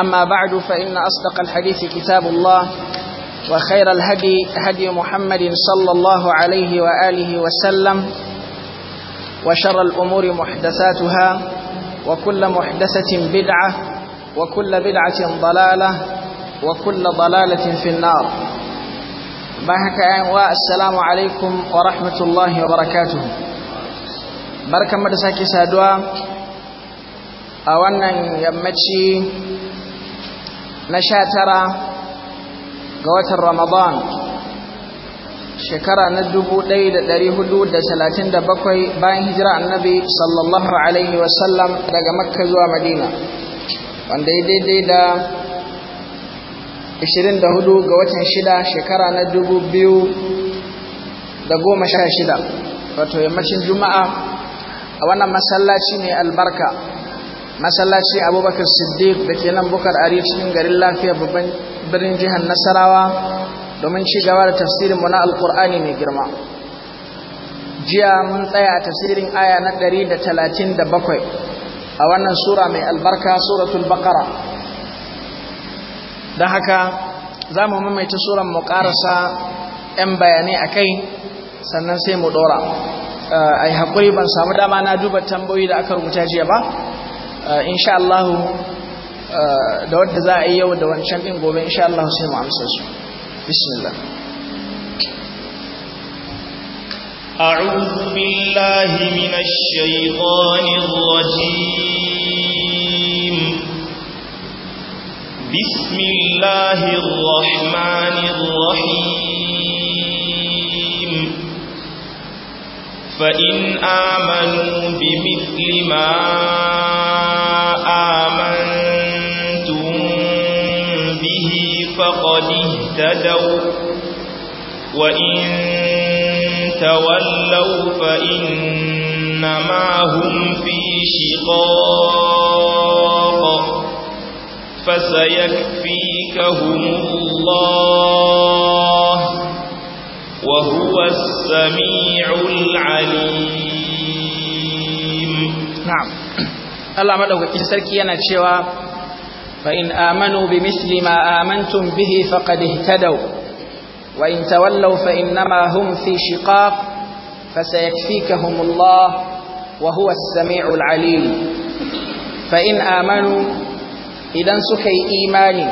أما بعد فإن أصدق الحديث كتاب الله وخير الهدي هدي محمد صلى الله عليه وآله وسلم وشر الأمور محدثاتها وكل محدثة بدعة وكل بدعة ضلالة وكل ضلالة في النار بحكا والسلام عليكم ورحمة الله وبركاته بركة مدسة كسادوا أولا يمتشي na sha tara ga watan ramadan shekara na dubu ɗaya da ɗari hudu da talatin da bakwai bayan hijira annabi sallallahu alaihi wasallam daga makka zuwa madina wanda ya daidai da 24 ga watan shida shekara na dubu biyu da goma sha shida wato yammacin juma'a a wannan masallaci mai albarka masallaci abubakar siddiq da ke nan bukar ari cikin garin lafiya babban birnin jihar nasarawa domin ci gaba da tafsirin mu na alkur'ani mai girma jiya mun tsaya a tafsirin aya na da da talatin bakwai, a wannan sura mai albarka suratul baqara don haka za mu mamaita suran mu karasa 'yan bayanai a kai sannan sai mu dora eh, a haƙuri ban samu dama na duba tambayoyi da aka rubuta jiya ba Uh, insha Allah uh, da wadda za a yi yau da wancan ɗin gobe insha Allah sai mu amsa su bismillah أعوذ بالله من الشيطان الرجيم بسم الله الرحمن الرحيم فإن آمنوا بمثل ما آمنتم به فقد اهتدوا وإن تولوا فإنما هم في شقاق فسيكفيكهم الله وهو السميع العليم نعم الله مدوكين سركي yana cewa fa in amanu bimithli ma amantum bihi faqad ihtadaw wa in tawallaw fa innama hum fi shiqaq fasayakfikahum Allah wa huwa as-sami'ul 'alim fa in amanu idan suka yi imani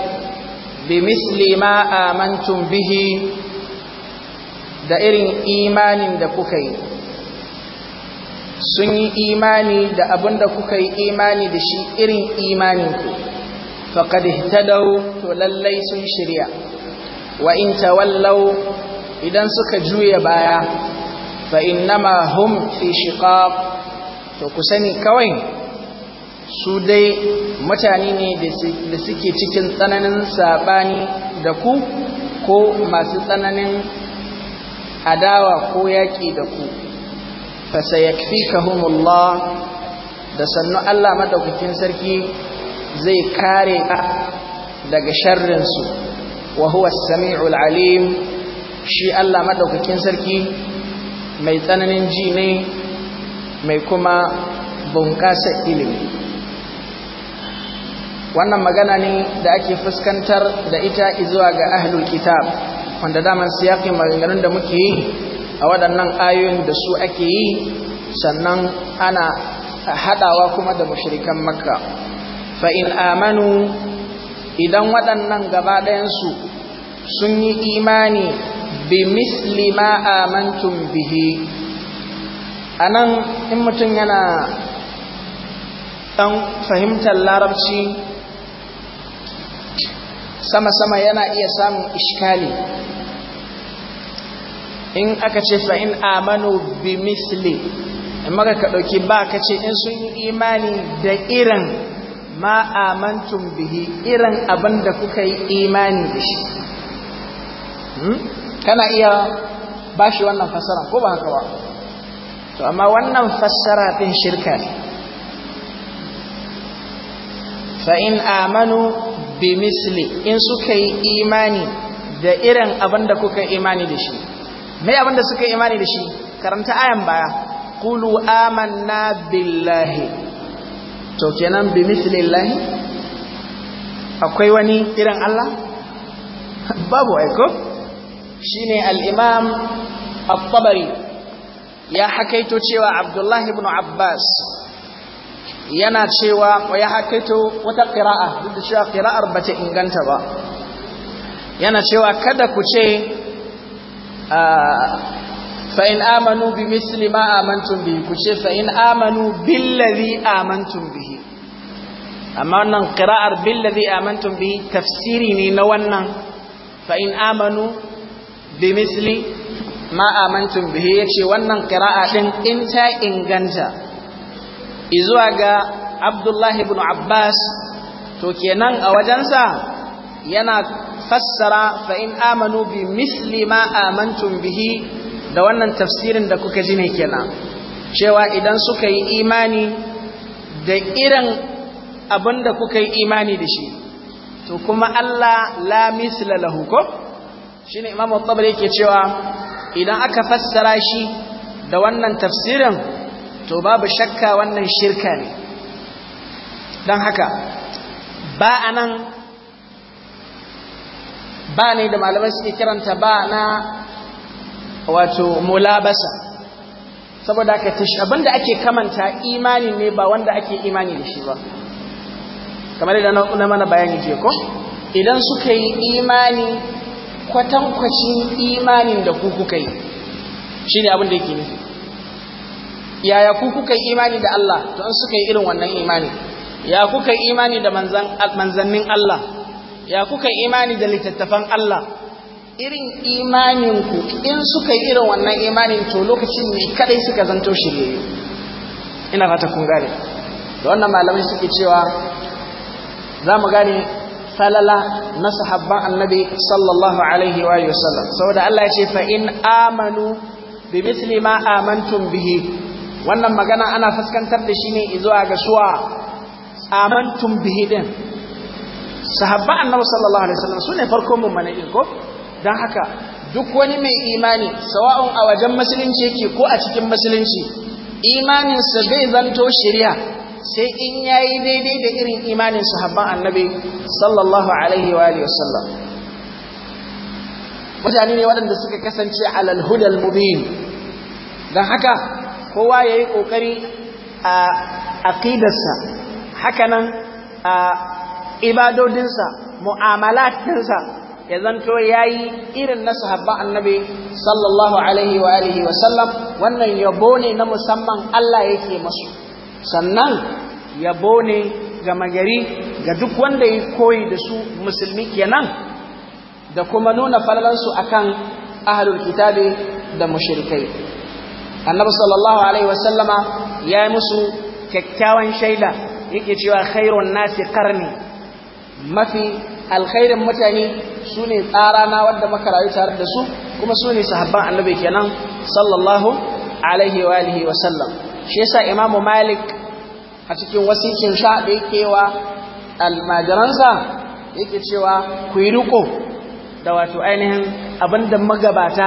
bimithli ma amantum bihi da irin imanin da kuka yi sun yi imani da abin da kuka yi imani da shi irin imaninku faƙad ihtadaw to lallai sun shirya wa in tawallau idan suka juya baya fa innama hum fi shiqaq to ku sani kawai su dai mutane ne da suke cikin tsananin sabani da ku ko masu tsananin adawa ko yaƙi da ku fasayakfikahumullah da sannu Allah madaukakin sarki zai kare ka daga sharrin su wa huwa as-sami'ul alim shi Allah madaukakin sarki mai tsananin ji ne mai kuma bunƙasa ilimi wannan magana ne da ake fuskantar da ita zuwa ga ahlul kitab wanda daman siyaƙin maganganun da muke yi a waɗannan ayoyin da su ake yi sannan ana haɗawa kuma da mashirikan makka fa'in amanu idan waɗannan gaba ɗayansu sun yi imani bi misli ma mantun bihi a nan in mutum yana ɗan fahimtar larabci sama-sama yana iya samun iskali in aka ce fa'in amanu bi misli maka ka ɗauki ba ka ce in sun yi imani da irin ma'amantun bihi irin abin da kuka yi imani da shi hmm? kana iya ba shi wannan fassara ko ba haka ba to amma wannan fassara ɗin shirka ne fa'in amanu bimisli in suka yi imani da irin abin da kuka imani da shi mai abin da suka imani da shi karanta ayan baya qulu amanna billahi to kenan bimisli llahi akwai wani irin Allah babu aiko shine al-imam at-tabari ya hakaito cewa abdullahi ibn abbas yana cewa ya hakaito wata ƙira'a duk da cewa ƙira'ar ba ta inganta ba yana cewa kada ku ce ah, fa'in amanu bi misli ma amantun bihi ku ce fa'in amanu billazi amantun bihi amma wannan ƙira'ar billazi amantun bihi tafsiri ne na wannan fa'in amanu bi misli ma amantun bihi ya ce wannan ƙira'a ɗin in ta inganta izuwa ga abdullahi ibn abbas to kenan a wajensa yana fassara fa in amanu bi misli ma amantum bihi da wannan tafsirin da kuka ji ne kenan cewa idan suka yi imani da irin abin da kuka yi imani da shi to kuma Allah la misla lahu ko shine imamu tabari yake cewa idan aka fassara shi da wannan tafsirin to babu shakka wannan shirka ne don haka ba a nan ba ne da malamai suke kiranta ba na wato mulabasa saboda aka tashi abinda ake kamanta imani ne ba wanda ake imani da shi ba kamar da na mana bayani je ko idan suka yi imani kwatankwacin imanin da kuka yi shi ne abinda yake nufi yaya ku kuka yi imani da Allah to an suka yi irin wannan imani ya kuka yi imani da manzannin Allah ya kuka yi imani da litattafan Allah irin imaninku in suka yi irin wannan imanin to lokacin ne kadai suka zanto shirye ina fata kun gane da wannan malamai suke cewa za mu gane salala na sahabban annabi sallallahu alaihi wa sallam saboda Allah ya ce fa in amanu bi mithli amantum bihi wannan magana ana fuskantar da shi ne zuwa ga suwa amantum bihi din sahabba annabi sallallahu alaihi wasallam sune farko mun in ko dan haka duk wani mai imani sawa'un a wajen musulunci yake ko a cikin musulunci imanin sa zai zanto shari'a sai in yayi daidai da irin imanin sahabban annabi sallallahu alaihi wa alihi wasallam mutane ne waɗanda suka kasance alal hudal mubin dan haka kowa ya yi ƙoƙari a aƙidarsa hakanan a ibadodinsa mu'amalatinsa ya zanto ya yi irin na sahabba annabi sallallahu alaihi wa alihi wa sallam wannan yabo ne na musamman Allah yake masu sannan yabo ne ga magari ga duk wanda ya koyi da su musulmi kenan da kuma nuna falalansu akan ahlul kitabe da mushrikai annabi sallallahu alaihi wasallama ya yi musu kyakkyawan shaida yake cewa khairun nasi qarni mafi alkhairin mutane su ne na wadda muka rayu tare da su kuma su ne sahabban annabi kenan sallallahu alaihi wa alihi wasallam shi yasa imamu malik a cikin wasikin sha da yake wa almajiransa yake cewa ku yi riko da wato ainihin abinda magabata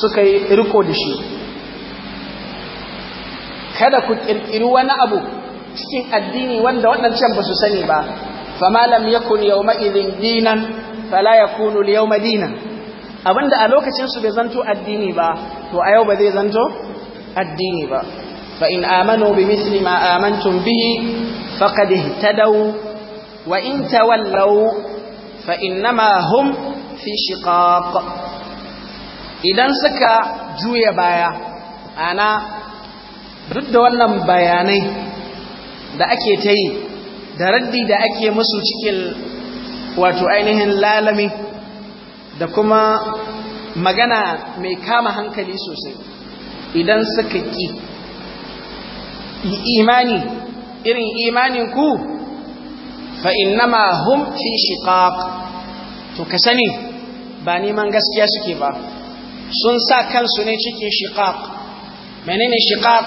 suka yi riko da shi kada ku ƙirƙiri wani abu cikin addini wanda waɗancan ba su sani ba malam ya yakun yawma idin dinan fala yakunu yawma dinan abinda a lokacin su bai zanto addini ba to a yau ba zai zanto addini ba fa in amanu bi misli ma amantum bihi faqad ihtadaw wa in tawallaw fa innama hum fi shiqaq idan suka juya baya ana duk da wannan bayanai da ake ta yi da raddi da ake musu cikin wato ainihin lalami da kuma magana mai kama hankali sosai idan suka ƙi imani irin imanin ku ma hum fi shiqaq to ka sani ba neman gaskiya suke ba sun sa kansu ne cikin shiqaq menene shiqaq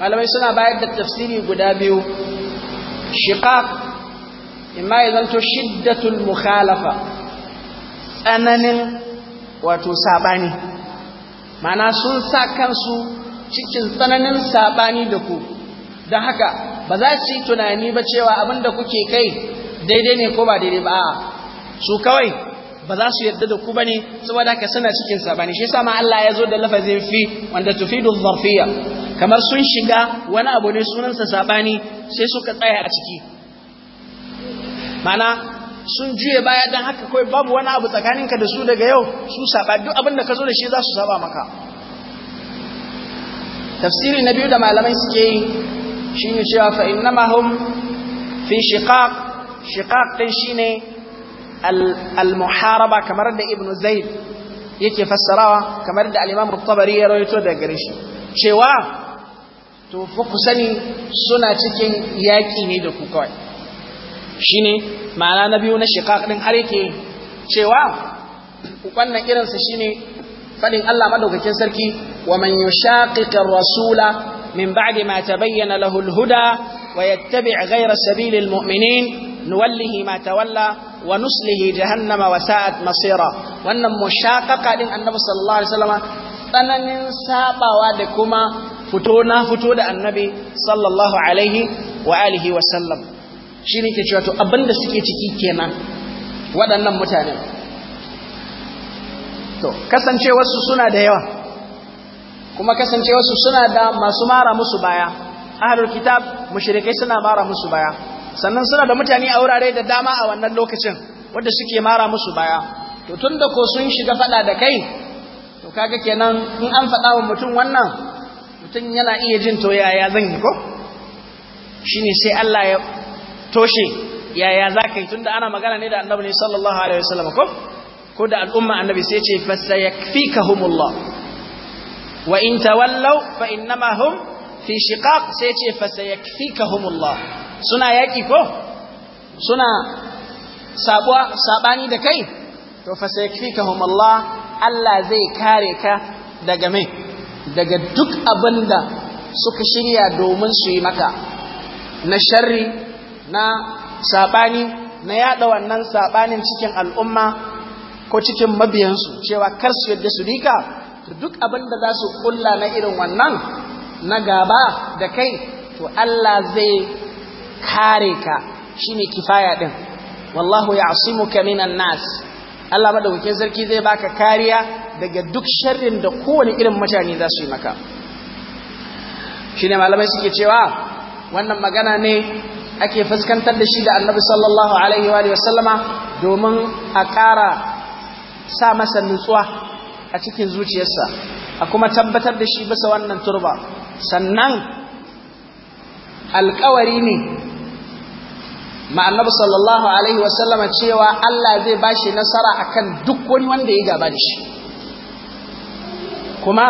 malamai suna bayar da tafsiri guda biyu shiqaq imma ya zanto shiddatul mukhalafa tsananin wato sabani mana sun sa kansu cikin tsananin sabani da ku don haka ba za su yi tunani ba cewa abinda kuke kai daidai ne ko ba daidai ba su kawai ba za su yarda da ku bane saboda ka suna cikin sabani shi yasa ma Allah ya zo da lafazin fi wanda tufidu dharfiya kamar sun shiga wani abu ne sunansa sabani sai suka tsaya a ciki mana sun juye baya dan haka kai babu wani abu tsakaninka da su daga yau su saba duk abin da ka zo da shi za su saba maka tafsiri na biyu da malamai suke yi shine cewa fa innamahum fi shiqaq shiqaq din shine al-muharaba kamar da ibnu zaid yake fassarawa kamar da al-imam ruttabari ya rawaito daga gare shi cewa to sani suna cikin yaki ne da ku kawai shine ma'ana na biyu na shiqaq din har yake cewa wannan irin sa shine fadin Allah madaukakin sarki wa man yushaqiqir rasula min ba'di ma tabayyana lahu al-huda wa yattabi' ghayra sabilil mu'minin nuwallihi ma tawalla wa nuslihi jahannama wa sa'at masira wannan mushaqaqa din annabi sallallahu alaihi tsananin sabawa da kuma fito na fito da annabi sallallahu alaihi wa alihi wa sallam shine ke cewa to abinda suke ciki kenan waɗannan mutane to kasancewarsu suna da yawa kuma kasancewarsu suna da masu mara musu baya ahlul kitab mushrikai suna mara musu baya sannan suna da mutane a wurare da dama a wannan lokacin wanda suke mara musu baya to tun da ko sun shiga faɗa da kai to kaga kenan in an faɗa wa mutum wannan mutum yana iya jin to yaya zan yi ko shine sai Allah ya toshe yaya za ka yi tunda ana magana ne da annabi ne sallallahu alaihi wasallam ko ko da al'umma annabi sai ce fasayakfikahumullah wa in tawallaw fa innama hum fi shiqaq sai ce fasayakfikahumullah suna yaƙi ko suna saɓani da kai to fasayakfika Allah Allah zai kare ka daga mai daga duk abinda suka shirya domin su yi maka na sharri na saɓani na yada wannan saɓanin cikin al'umma ko cikin mabiyansu cewa kar su yadda su dika duk abinda za su ƙulla na irin wannan na gaba da kai to Allah zai kare ka shine kifaya ɗin. wallahu ya mu kaminan nas Allah madaukakin sarki zai baka kariya daga duk sharrin da kowane irin mutane za su yi maka shine malamai suke cewa wannan magana ne ake fuskantar da shi da Annabi sallallahu alaihi wa sallama domin a ƙara sa masa nutsuwa a cikin zuciyarsa a kuma tabbatar da shi bisa wannan turba sannan alkawari ne ma annabi sallallahu alaihi wasallama cewa Allah zai bashi nasara akan duk wani wanda ya gaba da shi kuma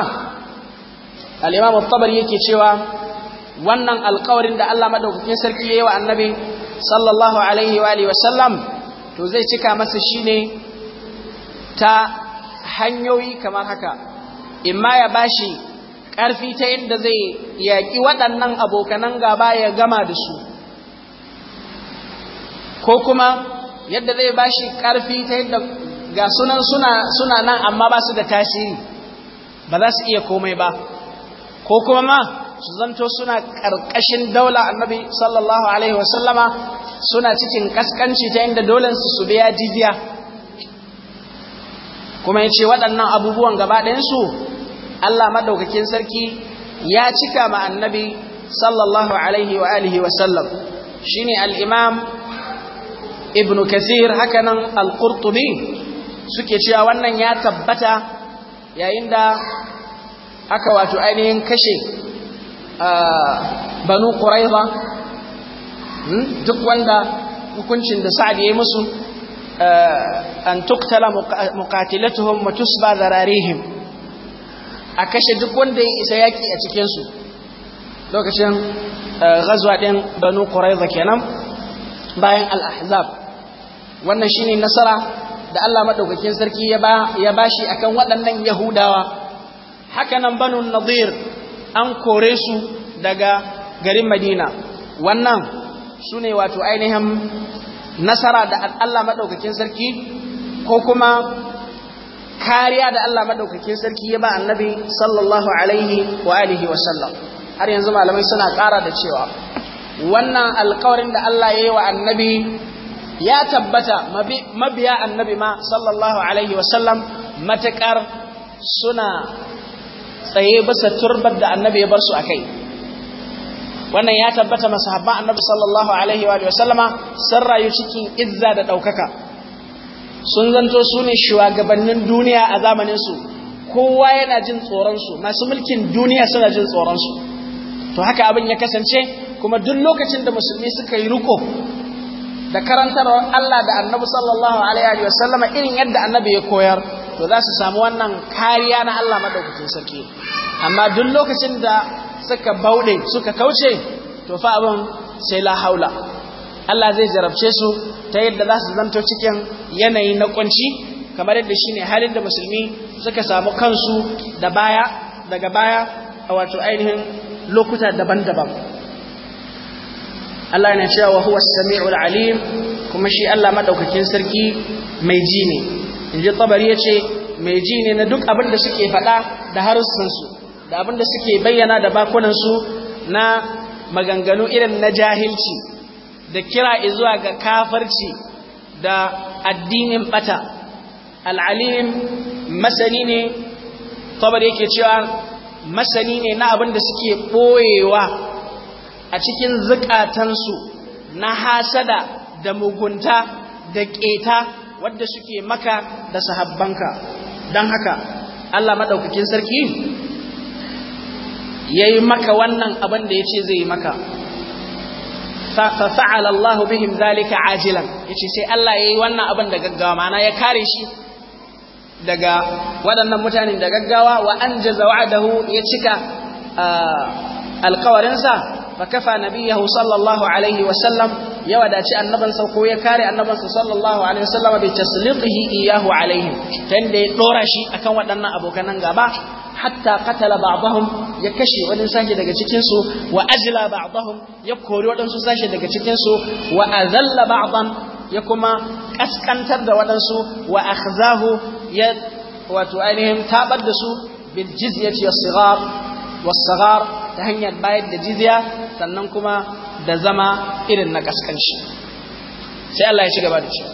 al-imam at-tabari yake cewa wannan alƙawarin da Allah madaukakin sarki yi wa annabi sallallahu alaihi wa alihi wasallam to zai cika masa shine ta hanyoyi kamar haka imma ya bashi ƙarfi ta inda zai yaƙi waɗannan abokanan gaba ya gama da su ko kuma yadda zai bashi karfi ta yadda ga sunan suna nan amma ba su da tasiri ba za su iya komai ba ko kuma ma su zanto suna karkashin daula annabi sallallahu alaihi wasallama suna cikin kaskanci ta yadda dole su biya jizya kuma ya ce waɗannan abubuwan gaba ɗayansu Allah maɗaukakin sarki ya cika ma annabi sallallahu alaihi wa alihi wa sallam shine al'imam. ibn kasir hakanan al-qurtubi suke cewa wannan ya tabbata yayin da aka wato ainihin kashe banu quraiza hmm, duk wanda hukuncin da sa'ad ya yi musu an tuktala muqatilatuhum wa tusba zararihim a kashe duk wanda ya isa yaki a cikin su lokacin ghazwa din banu quraiza kenan bayan al-ahzab wannan shine nasara da Allah madaukakin sarki ya ba ya bashi akan waɗannan Yahudawa haka nan banu nadir an kore su daga garin Madina wannan sune wato ainihin nasara da Allah madaukakin sarki ko kuma kariya da Allah madaukakin sarki ya ba annabi sallallahu alaihi wa alihi wa sallam har yanzu malamai suna ƙara da cewa wannan alƙawarin da Allah ya yi wa annabi ya tabbata mabiya annabi ma sallallahu alaihi wasallam matakar suna tsaye bisa turbar da annabi ya bar su a kai wannan ya tabbata masahabban annabi sallallahu alaihi wa sallama sun rayu cikin izza da ɗaukaka sun zanto su ne shugabannin duniya a zamaninsu kowa yana jin tsoronsu masu mulkin duniya suna jin tsoronsu to haka abin ya kasance kuma duk lokacin da musulmi suka yi ruko da karantarwar Allah da annabi sallallahu alaihi wa sallama irin yadda annabi ya koyar to za su samu wannan kariya na Allah madaukakin sarki amma duk lokacin da suka bauɗe suka kauce to fa abin sai la haula Allah zai jarabce su ta yadda za su zanto cikin yanayi na kunci kamar yadda shine halin da musulmi suka samu kansu da baya daga baya a wato ainihin lokuta daban-daban Allah yana cewa wa huwa samiul alim kuma shi Allah madaukakin sarki mai ji ne inji tabari yace mai ji ne na duk abin da suke faɗa da harsun su da abin da suke bayyana da bakunan su na maganganu irin na jahilci da kira zuwa ga kafirci da addinin bata al-alim masani ne tabari yake cewa masani ne na abin da suke ɓoyewa a cikin zukatansu na hasada da mugunta da ƙeta wadda suke maka da sahabbanka don haka Allah maɗaukakin sarki ya yi maka wannan abin da ya ce zai yi maka fa'ala Allah bihim zalika ajilan ya ce sai Allah ya yi wannan abin da gaggawa mana ya kare shi daga waɗannan mutane da gaggawa wa an jaza wa'adahu ya cika ah, alkawarinsa فكفى نبيه صلى الله عليه وسلم يوداتي النبن سوكو يكاري النبن صلى الله عليه وسلم بتسليقه إياه عليهم تندي دورشي أكن ودنا أبو كنان غابا حتى قتل بعضهم يكشي ودن ساشي دقا تكنسو وأجلى بعضهم يبكوري ودن ساشي دقا تكنسو وأذل بعضا يكما أسكنتر ودنسو وأخذاه يد وتعينهم تابد سو بالجزية الصغار wasagar ta hanyar bayar da jizya sannan kuma da zama irin na kaskanci sai Allah ya ci gaba da ce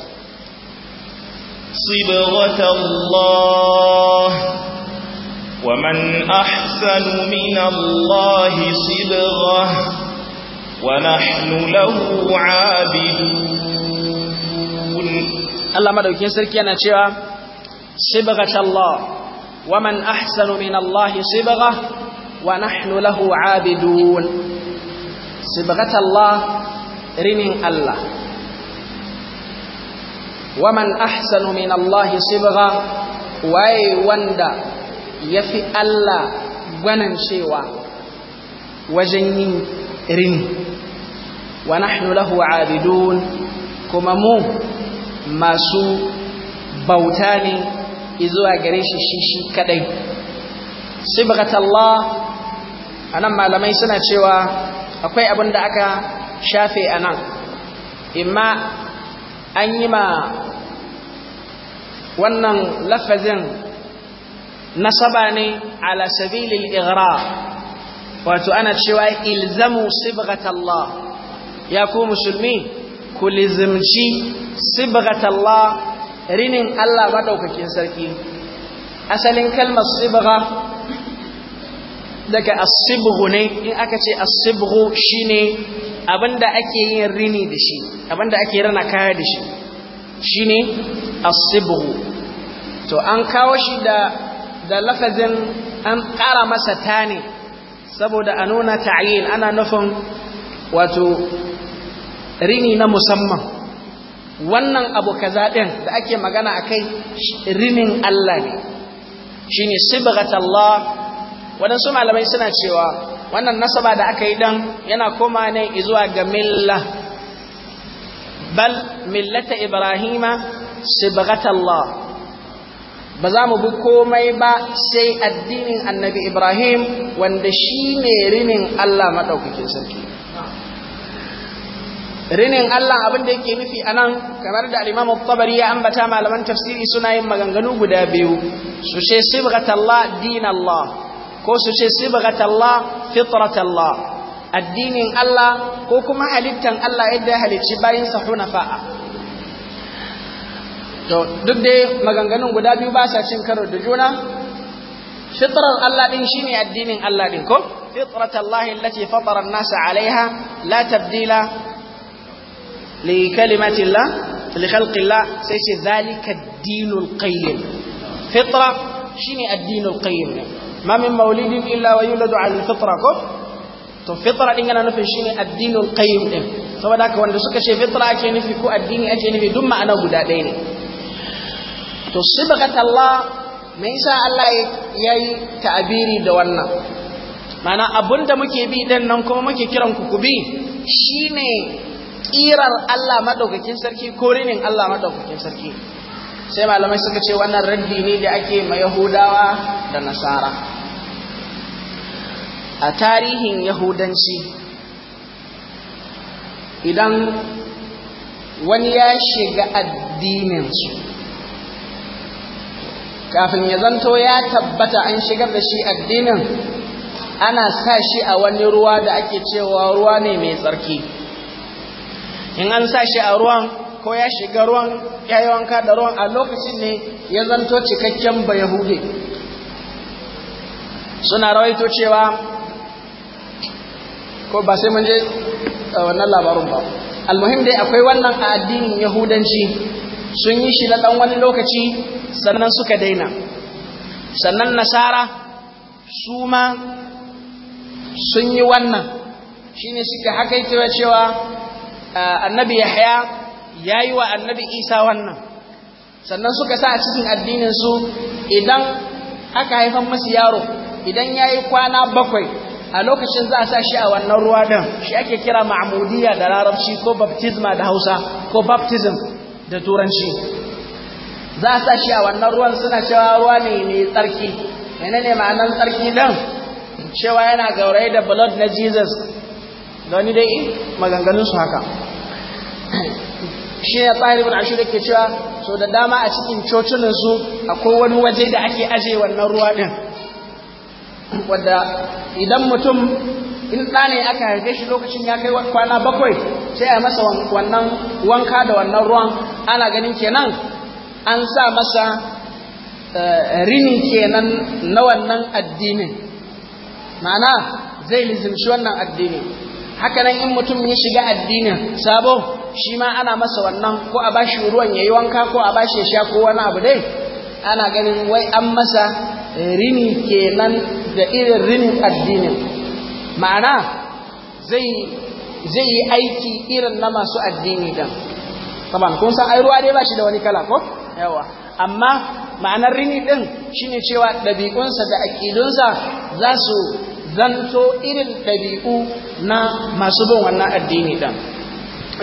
sibghatallah ومن أحسن من الله صبغة ونحن له عابدون الله مدوكين سركينا شوى صبغة الله ومن أحسن من الله صبغة wa nahnu lahu abidun sibagat Allah rinin Allah wa man ahsanu min Allah sibagha wai wanda yafi Allah gwanin cewa wajen yin rini wa nahnu lahu abidun kuma mu masu bauta ne izuwa gare shi shi kadai sibagat Allah a nan malamai suna cewa akwai abin da aka shafe a nan imma an yi ma wannan lafazin nasaba ne ala sabilil ighra wato ana cewa ilzamu sibghat Allah ya ku musulmi ku lizimci sibghat rinin Allah madaukakin sarki asalin kalmar sibgha daga asibu ne in aka ce shi shine abinda ake yin rini da shi abinda ake rana kaya da shi shine asibu to an kawo shi da da lafazin an ƙara masa ta ne saboda a nuna ta'ayin ana nufin wato rini na musamman wannan abu kaza ɗin da ake magana a kai rinin Allah ne shine sibghatallah waɗansu malamai suna cewa wannan nasaba da aka yi dan yana koma ne zuwa ga milla bal millata ibrahima sibghatallah ba za mu bi komai ba sai addinin annabi ibrahim wanda shi ne rinin allah maɗaukakin sarki rinin Allah abin da yake nufi anan kamar da al-Imam tabari ya ambata malaman tafsiri suna yin maganganu guda biyu su ce sibghatallah dinallah ko su ce sibghatallah fitratallah addinin Allah ko kuma halittan Allah yadda ya halicci bayin sa hunafa'a to duk dai maganganun guda biyu ba sa cin karo da juna fitrar Allah din shine addinin Allah din ko fitratallahi allati fatara an-nasa 'alayha la tabdila li kalimatillah li khalqillah sai ce zalika ad-dinul qayyim fitra shine ad-dinul qayyim ma min maulidin illa wa yuladu ala fitra ko to fitra din yana nufin shine addinul qayyim din saboda haka wanda suka ce fitra ake nufi ko addini ake nufi duk ma'ana guda ɗaya ne to sibghat Allah me yasa Allah yayi ta'abiri da wannan mana abunda muke bi din nan kuma muke kiran ku ku bi shine kirar Allah madaukakin sarki ko rinin Allah madaukakin sarki sai malamai suka ce wannan raddi ne da ake ma yahudawa da nasara a tarihin yahudanci idan wani ya shiga addininsu kafin ya zanto ya tabbata an shigar da shi addinin ana sa shi a wani ruwa da ake cewa ruwa ne mai tsarki in an sa shi a ruwan ko ya shiga ruwan yi wanka da ruwan a lokacin ne ya zanto cikakken ba yahude suna rawaito cewa ko ba sai mun je eh, wannan labarun ba almuhim dai akwai wannan a addinin yahudanci sun yi shi na ɗan wani lokaci sannan suka daina sannan nasara su ma sun yi wannan ne suka hakaita cewa eh, annabi yahya ya yi wa annabi isa wannan sannan suka sa a cikin addininsu idan aka haifan masu yaro idan ya yi kwana bakwai a lokacin za a sa shi a wannan ruwa ɗin shi ake kira ma'amudiya da larabci ko baptisma da hausa ko baptism da turanci za a sa shi a wannan ruwan suna cewa ruwa ne mai tsarki ne ma'anar tsarki ɗin cewa yana gauraye da blood na jesus da wani dai maganganunsu haka shi ya tsari bin ashirin ke cewa so da dama a cikin cocinansu su akwai wani waje da ake ajiye wannan ruwa din Wadda idan mutum in ɗane aka haife shi lokacin ya kai kwana bakwai sai a masa wannan wanka da wannan ruwan ana ganin kenan an sa masa eh, rini kenan na wannan addinin ma'ana zai lizimci wannan addini hakanan in mutum ya shiga addinin sabo shi ma ana masa wannan ko a bashi ruwan yayi wanka ko a bashi ya sha ko wani abu dai ana ganin wai an masa rini kenan da irin rinin addinin ma'ana zai yi aiki irin na masu addini dan kun san ai ruwa dai bashi da wani kala ko yawa amma ma'anar rini din shine cewa dabi'unsa da akidunsa za su zanto irin ɗabi'u na masu bin wannan addini ɗan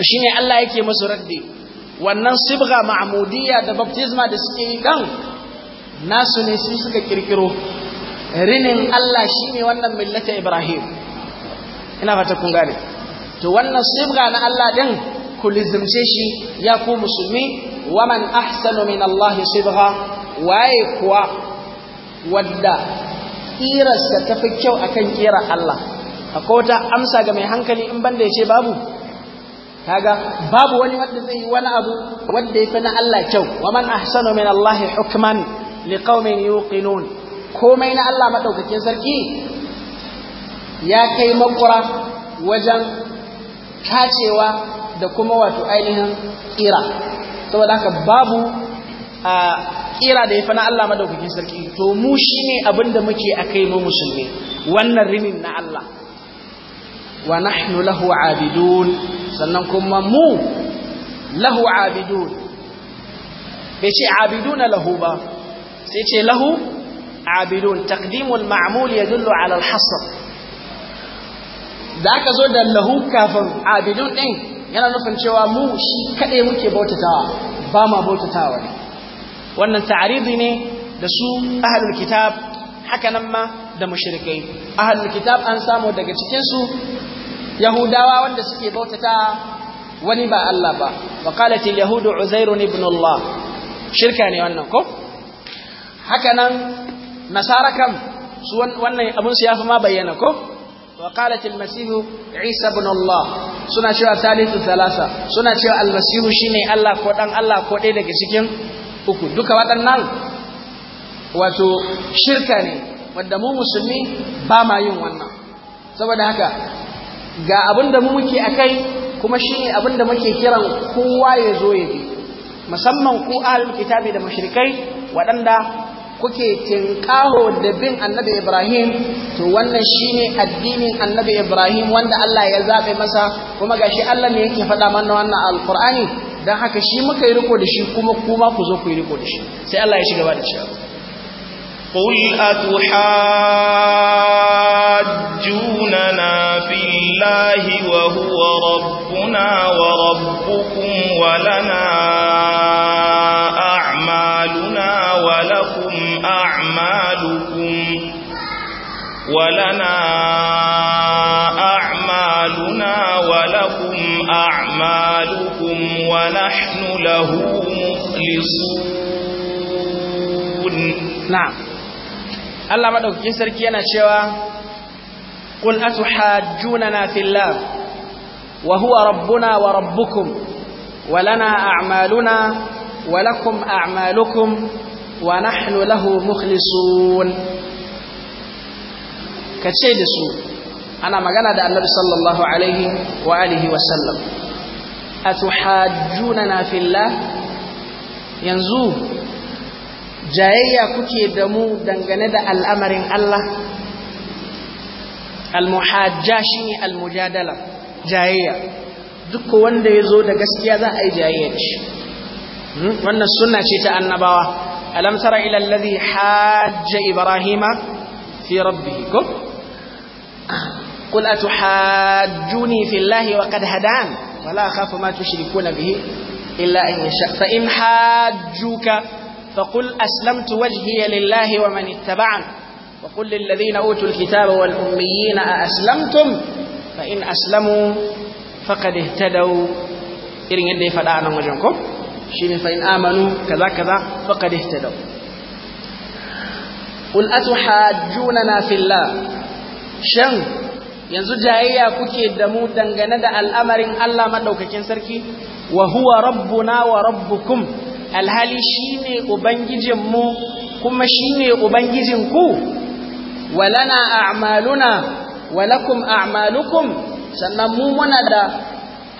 shi Allah yake musu raddi wannan sibga ma'amudiyya da baptisma da suke yi ɗan nasu ne su suka kirkiro rinin Allah shi wannan millata Ibrahim ina fata kun gane to wannan sibga na Allah ɗin ku lizimce shi ya ku musulmi waman ahsanu min Allah sibga waye kuwa wadda ƙirarsa ta fi kyau a kan ƙirar Allah akwai wata amsa ga mai hankali in banda ya ce babu kaga babu wani wanda zai yi wani abu wanda ya fi na Allah kyau wa man ahsanu min Allah hukman liqaumin yuqinun komai na Allah madaukakin sarki ya kai makura wajen kacewa da kuma wato ainihin ƙira saboda haka babu a kira da yafi na Allah madaukakin sarki to mu shine abin da muke akai mu musulmi wannan rinin na Allah wa nahnu lahu abidun sannan kuma mu lahu abidun bai ce abiduna lahu ba sai ce lahu abidun taqdimul ma'mul yadullu ala al-hasr da aka zo da lahu kafin abidun din yana nufin cewa mu shi kaɗai muke bautatawa ba ma bautatawa ne wannan ta'aridi ne da su ahlul kitab haka nan ma da mushrikai ahlul kitab an samu daga cikin su yahudawa wanda suke bautata wani ba Allah ba wa qalat al yahud uzair ibn Allah shirka ne wannan ko haka nan nasara su wannan abun su yafi ma bayyana ko wa qalat al masih isa ibn Allah suna cewa salisu salasa suna cewa al masih shine Allah ko dan Allah ko dai daga cikin uku duka waɗannan wato shirka ne wadda mu musulmi ba ma yin wannan saboda haka ga abin da mu muke a kai kuma shi ne abin da muke kiran kowa ya zo ya bi musamman ku ahlul kitabi da mushrikai waɗanda kuke tinkaho da bin annabi Ibrahim to wannan shine addinin annabi Ibrahim wanda Allah ya zaɓe masa kuma gashi Allah ne yake faɗa mana wannan alqur'ani dan haka shi muka yi riko da shi kuma kuma ku zo ku yi riko da shi sai Allah ya shiga ba da shi qul atuhajjunana fillahi wa huwa rabbuna wa rabbukum wa lana a'maluna ولنا أعمالنا ولكم أعمالكم ونحن له مخلصون نعم الله مدوكين سركينا شوى قل أتحاجوننا في الله وهو ربنا وربكم ولنا أعمالنا ولكم أعمالكم ونحن له مخلصون ka ce da su ana magana da annabi sallallahu alaihi wa alihi wa sallam na filla yanzu jayayya kuke da mu dangane da al'amarin Allah ne shine almujadala jayayya duk wanda zo da gaskiya za a yi jayayya hmm? wannan sunna ce ta annabawa alam tara ila alladhi hajja ibrahima fi rabbih ko قل أتحاجوني في الله وقد هدان ولا أخاف ما تشركون به إلا أن يشاء فإن حاجوك فقل أسلمت وجهي لله ومن اتبعني وقل للذين أوتوا الكتاب والأميين أأسلمتم فإن أسلموا فقد اهتدوا إرن يدي فدعنا وجنكم شين فإن آمنوا كذا كذا فقد اهتدوا قل أتحاجوننا في الله shan yanzu jayayya kuke da mu dangane da al'amarin Allah maɗaukakin sarki wa huwa rabbuna wa rabbukum alhali shine ubangijin mu kuma shine ubangijin ubangijinku walana a'maluna walakum a'malukum sannan mu muna da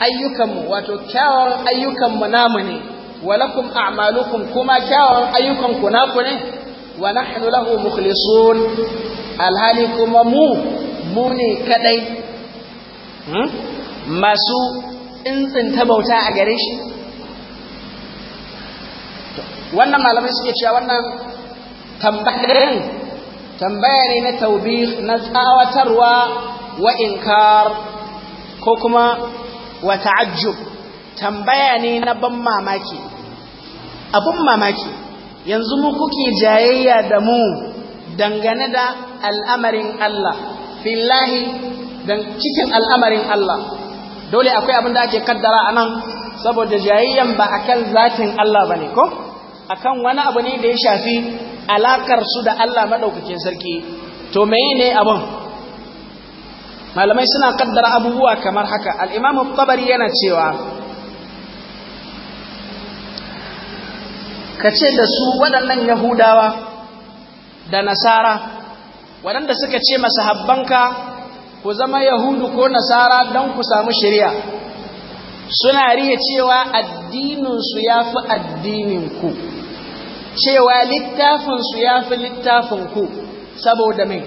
ayyukanmu wato kyawawan ayyukanmu namu ne walakum a'malukum kuma kyawawan ayyukan ayyukanku naku ne wa nahnu lahu mukhlisun alhali kuma mu mu ne kadai hmm? masu tsintsinta bauta a gare shi wannan malamai suke cewa wannan tambayin tambaya ne na taubih na tsawatarwa wa inkar ko kuma wa ta'ajjub tambaya ne na ban mamaki abun mamaki yanzu mu kuke jayayya da mu dangane da al'amarin Allah fillahi dan cikin al'amarin Allah dole akwai abin da ake kaddara anan saboda jayayyan ba akan zatin Allah ne, ko akan wani abu ne da ya shafi alakar su da Allah madaukakin sarki to meye ne abun malamai suna kaddara abubuwa kamar haka al-Imam tabari yana cewa ka ce da su waɗannan Yahudawa da nasara waɗanda suka ce masahabbanka ku zama yahudu ko nasara don ku samu shari'a suna riya cewa addininsu ya fi addininku cewa littafinsu ya fi littafinku saboda mai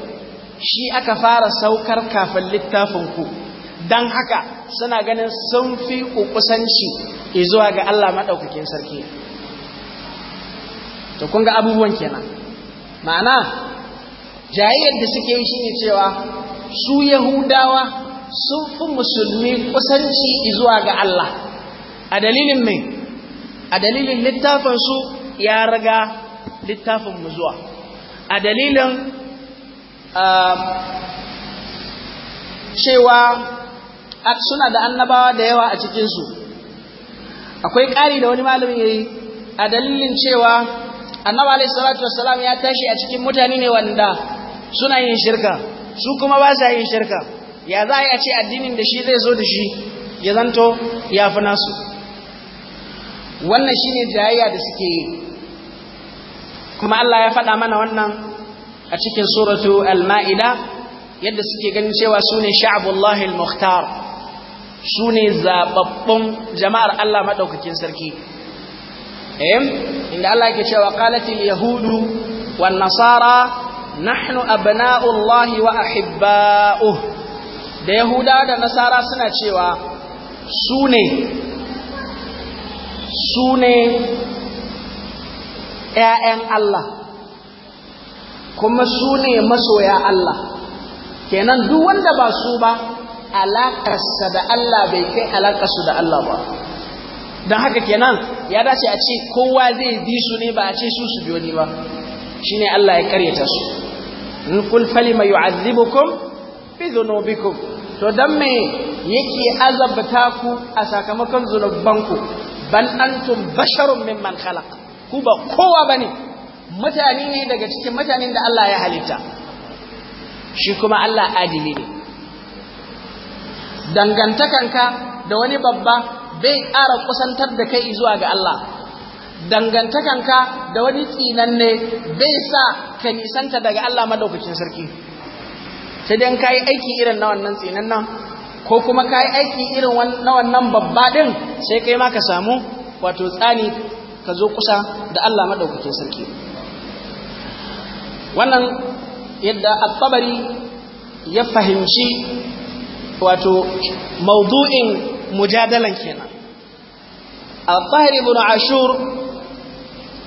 shi aka fara saukar kafin littafinku don haka suna ganin sun fi ke zuwa ga Allah maɗaukakin sarki to kun ga abubuwan kenan ma'ana jayayyar da suke yi shine cewa su yahudawa sun fi musulmi kusanci zuwa ga Allah a dalilin mai a dalilin littafinsu ya raga littafin mu zuwa a dalilin um, cewa suna da annabawa da yawa a cikinsu akwai ƙari da wani malamin ya yi a dalilin cewa annabi alaihi salatu wassalam ya tashi a cikin mutane ne wanda suna yin shirka su kuma ba sa yin shirka ya za a ce addinin da shi zai zo da shi ya zanto ya fi nasu wannan shine jayayya da suke yi kuma Allah ya faɗa mana wannan a cikin suratu al-ma'ida yadda suke ganin cewa su sune sha'abullahi al-mukhtar ne zababbun jama'ar Allah madaukakin sarki Eh? inda Allah yake cewa qalatil yahudu wan nasara nahnu abna'ullahi wa ahibba'uh da yahuda da nasara suna cewa sune, sune ƴaƴan Allah kuma sune masoya Allah kenan duk wanda ba su ba alaƙarsa da Allah bai kai alaƙarsu da Allah ba don haka kenan ya dace a ce kowa zai bi su ne ba a ce su su biyo ni ba shine Allah ya karyata su in kul falima yu'azzibukum fi dhunubikum to dan me yake azabta ku a sakamakon zunubanku ban antum basharun mimman khalaq ku ba kowa bane mutane ne daga cikin mutanen da Allah ya halitta shi kuma Allah adili ne dangantakanka da wani babba bai ƙara kusantar da kai zuwa ga Allah dangantakanka da wani tsinanne bai sa ka nisanta daga Allah madaukakin sarki sai dai ka yi aiki irin na wannan nan ko kuma ka yi aiki irin na wannan babba ɗin sai kai ma ka samu wato tsani ka zo kusa da Allah madaukakin sarki wannan yadda at-tabari ya fahimci wato maudu'in mujadalan kenan al-tahir ibn ashur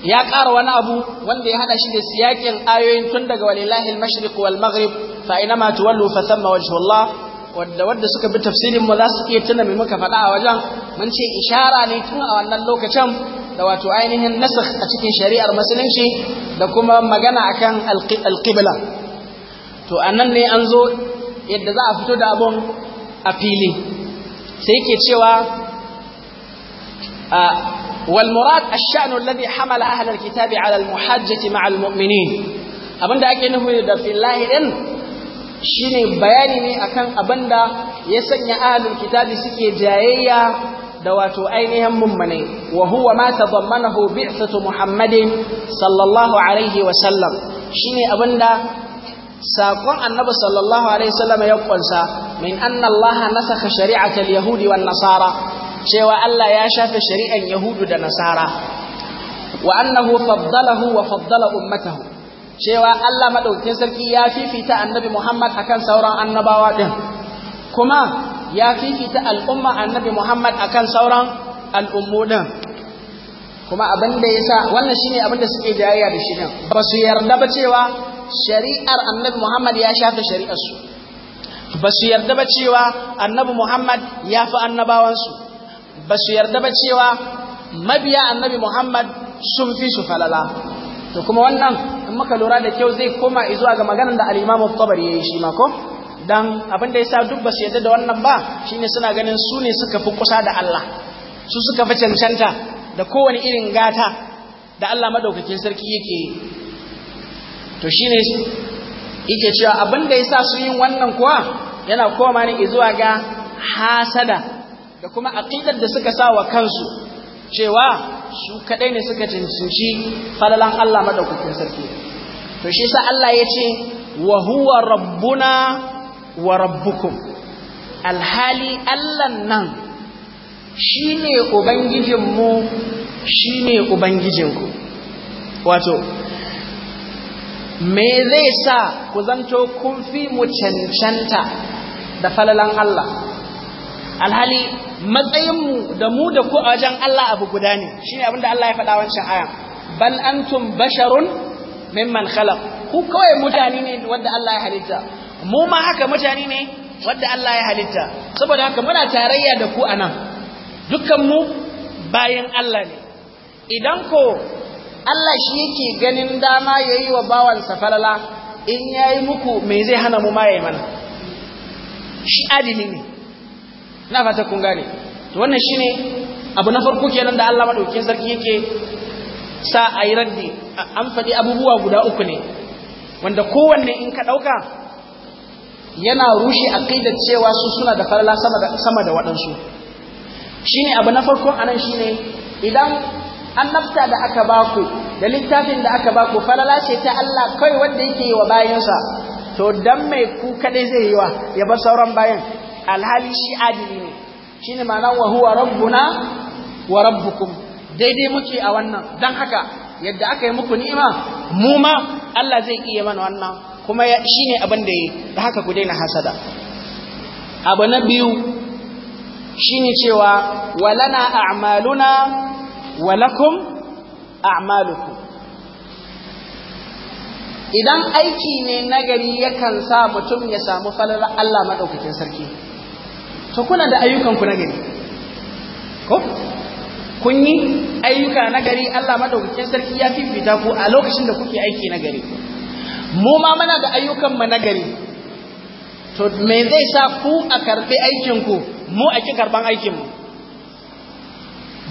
ya ƙara wani abu wanda ya hada shi da siyakin ayoyin tun daga walillahi al-mashriq wal maghrib fa inama tuwallu fa thamma wajhullah wadda wadda suka bi tafsirin mu za su iya tuna mai muka faɗa a wajen mun ce ishara ne tun a wannan lokacin da wato ainihin nasakh a cikin shari'ar musulunci da kuma magana akan al-qibla to anan ne an zo yadda za a fito da abun a fili sai yake cewa والمراد الشأن الذي حمل أهل الكتاب على المحجة مع المؤمنين muminin abinda ake nufi da fillahi ɗin shine bayani ne akan abinda ya sanya ahlul kitabi suke jayayya da wato ainihin mummanai wa huwa ma tadammanahu bi'satu muhammadin sallallahu alaihi wa sallam shine abin da saƙon annabi sallallahu alaihi wa sallam ya ƙunsa? min annallaha na saka shari'atal yahudi wan nasara cewa Allah ya shafe shari'an Yahudu da Nasara wa annahu faddalahu wa faddala ummatahu cewa Allah madaukakin sarki ya fifita annabi Muhammad akan sauran annabawa din kuma ya fifita al'umma annabi Muhammad akan sauran al'ummu kuma abin da yasa wannan shine abin da suke jayayya da shi din ba su yarda ba cewa shari'ar annabi Muhammad ya shafe shari'ar su ba su yarda ba cewa annabi Muhammad ya fi annabawansu ba su yarda ba cewa mabiya annabi Muhammad sun fi su falala to kuma wannan in muka lura da kyau zai koma izuwa ga maganan da al-Imam Tabari yayi shi ma ko dan abin da yasa duk ba su yarda da wannan ba shine suna ganin su ne suka fi kusa da Allah su suka fi cancanta da kowane irin gata da Allah madaukakin sarki yake to shine yake cewa abin da yasa su yin wannan kuwa yana koma ne zuwa ga hasada da kuma aqidar da suka sa wa kansu cewa su kadai ne suka cancanci falalan Allah madaukakin sarki to shi sa Allah ya ce wa huwa rabbuna wa rabbukum alhali Allah nan shine ubangijinmu shine ubangijinku wato me zai sa ku zanto kun fi mu cancanta da falalan Allah alhali matsayinmu da mu da ku a wajen Allah abu guda ne shine abin da Allah ya faɗa wancan aya bal antum basharun mimman khalaq ku kawai mutane ne wanda Allah ya halitta mu ma haka mutane ne wanda Allah ya halitta saboda haka muna tarayya da ku anan dukkan mu bayan Allah ne idan ko Allah shi yake ganin dama yayi wa bawansa falala in yayi muku me zai hana mu ma mana shi adili ne Na fata kun gane to wannan shine abu na farko kenan da Allah madaukin sarki yake sa a yi raddi an faɗi abubuwa guda uku ne wanda kowanne in ka ɗauka yana rushe a da cewa su suna da falala sama da sama da waɗansu shine abu na farko anan shine idan an nafta da aka baku da littafin da aka baku falala ce ta Allah kai wanda yake yi wa bayansa to dan mai ku kaɗai zai yi wa ya bar sauran bayan alhali shi adili ne ne ma'anar wa huwa rabbuna wa rabbukum daidai muke a wannan Don haka yadda aka yi muku ni'ima mu ma Allah zai iya mana wannan kuma shi ne abin da yi da haka ku daina hasada abu na biyu shi ne cewa walana a'maluna walakum a'malukum idan aiki ne nagari yakan sa mutum ya samu falar Allah maɗaukakin sarki so kuna da ayyukanku na gari ko kun yi ayyuka na gari Allah madaukakin sarki ya fifita ku a lokacin da kuke aiki na gari mu ma muna da ayyukan mu na gari to me zai sa ku a karbi aikin ku mu a ki karban aikin mu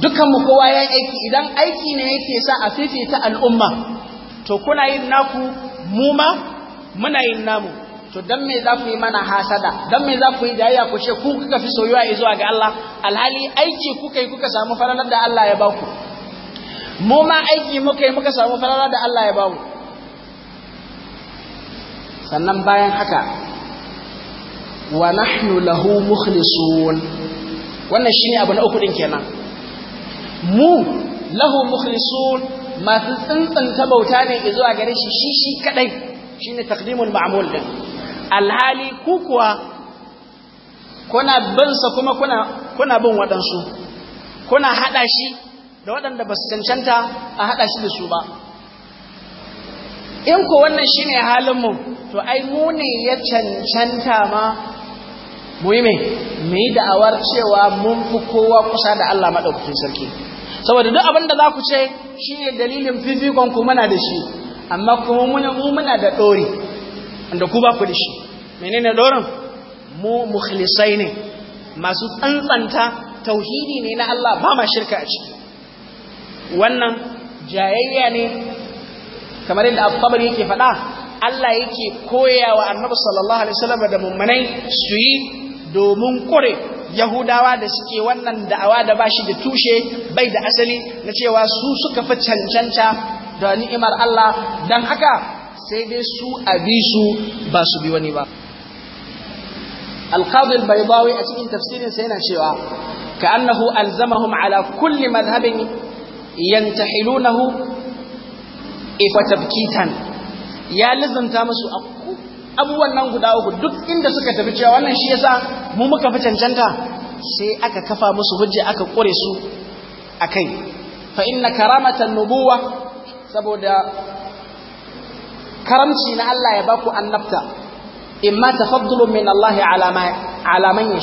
dukan mu kowa ya aiki idan aiki ne yake sa a fifita al'umma to kuna yin naku mu ma muna yin namu to dan me za ku yi mana hasada dan me za ku yi jayayya ku ce ku kuka fi soyuwa zuwa ga Allah alhali aiki kuka yi kuka samu falalar da Allah ya baku mu ma aiki muka yi muka samu falalar da Allah ya baku sannan bayan haka wa nahnu lahu mukhlisun wannan shine abu na uku din kenan mu lahu mukhlisun masu tsantsan bauta ne zuwa gare shi shi shi kadai shine taqdimul ma'mul din alhali ku kuwa kuna binsa kuma kuna kuna bin waɗansu kuna haɗa shi da waɗanda ba su cancanta a haɗa shi da su ba in ku wannan shi ne halinmu to ai mu ne ya cancanta ma mu yi mai mu yi da'awar cewa mun fi kowa kusa da Allah maɗaukakin sarki saboda duk abin da za ku ce shi ne dalilin fifikon ku muna da shi amma kuma muna mu muna da ɗori wanda ku ba ku da shi menene doron mu mukhlisai ne masu tsantsanta tauhidi ne na Allah ba ma shirka a ciki wannan jayayya ne kamar yadda al yake faɗa Allah yake koyawa Annabi sallallahu alaihi wasallam da mummunai su yi domin kure Yahudawa da suke wannan da'awa da bashi da tushe bai da asali na cewa su suka fi cancanta da ni'imar Allah don haka sai dai su a su ba su bi wani ba a القاضي البيضاوي أتكين تفسير سينا شوا كأنه ألزمهم على كل مذهب ifa وتبكيتا Ya lizanta musu abubuwan nan guda uku duk inda suka tafi cewa wannan shi yasa mu muka fi cancanta sai aka kafa musu hujja aka kore su akai fa inna karamatan nubuwa saboda karamci na Allah ya baku annabta imma tafaddulu min Allah ala ma ala man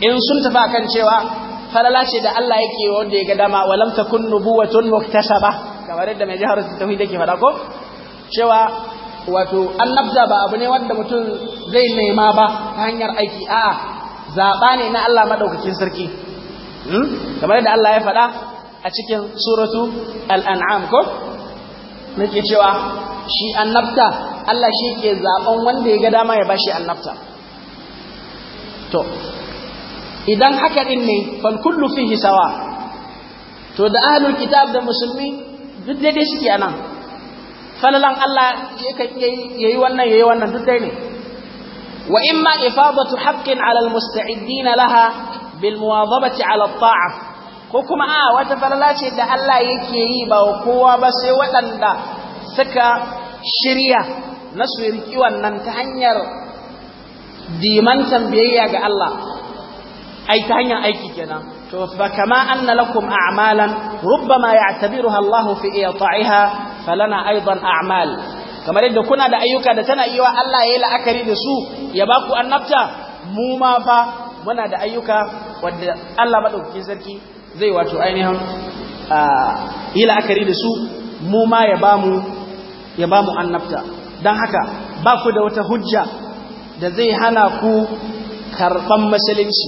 in sun tafi akan cewa falala ce da Allah yake wanda ya ga dama walam takun nubuwatun muktasaba kamar yadda mai jihar tafi yake faɗa ko cewa wato annabta ba abu ne wanda mutum zai nema ba ta hanyar aiki a'a zaɓa ne na Allah madaukakin sarki hmm? kamar yadda Allah ya faɗa a cikin suratu al'an'am ko nake cewa shi annabta Allah shi ke zaben wanda ya ga dama ya ba bashi annabta to idan haka din ne fal kullu fihi sawa to da ahlul kitab da musulmi duk dai suke anan falalan Allah ya yi wannan ya yi wannan duk dai ne wa imma ifadatu haqqin ala almusta'iddin laha bil muwadabati ala at ko kuma a wata falala ce da Allah yake yi ba kowa ba sai waɗanda suka shirya na su riƙi wannan ta hanyar dimantan biyayya ga Allah ai ta hanyar aiki kenan to fa kama anna lakum a'malan rubbama ya'tabiruha Allah fi iyata'iha falana aidan a'mal kamar yadda kuna da ayyuka da tana iya Allah yayi la'akari da su ya ba ku annabta mu ma fa muna da ayyuka wanda Allah madaukakin sarki zai wato ainihin ah, yi la'akari da su mu ma ya bamu? ya ba mu annabta don haka ba ku da wata hujja da zai hana ku karɓan musulunci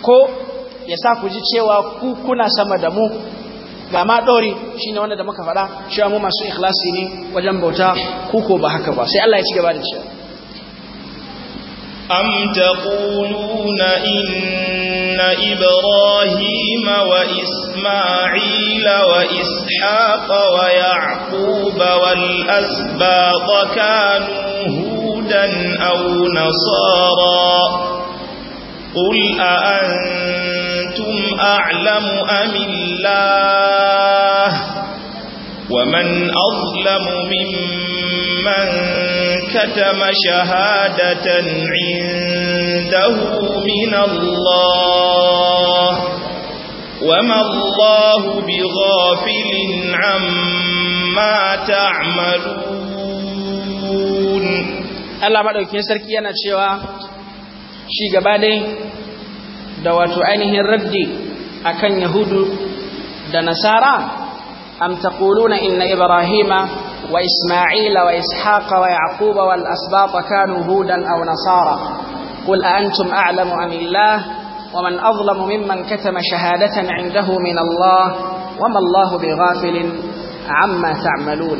ko ya sa ku ji cewa ku kuna sama da mu ga ma ɗori shi ne wanda da muka faɗa cewa mu masu ikhlasi ne wajen bauta ku ko ba haka ba sai Allah ya ci gaba da cewa أم تقولون إن إبراهيم وإسماعيل وإسحاق ويعقوب والأسباط كانوا هودا أو نصارا قل أأنتم أعلم أم الله ومن أظلم ممن كتم شهادة عنده من الله وما الله بغافل عما تعملون Allah maɗaukin sarki yana cewa shi gaba dai da wato ainihin raddi akan Yahudu da Nasara am taquluna inna Ibrahima وإسماعيل وإسحاق ويعقوب والأسباط كانوا هودا أو نصارى قل أأنتم أعلم أم الله ومن أظلم ممن كتم شهادة عنده من الله وما الله بغافل عما تعملون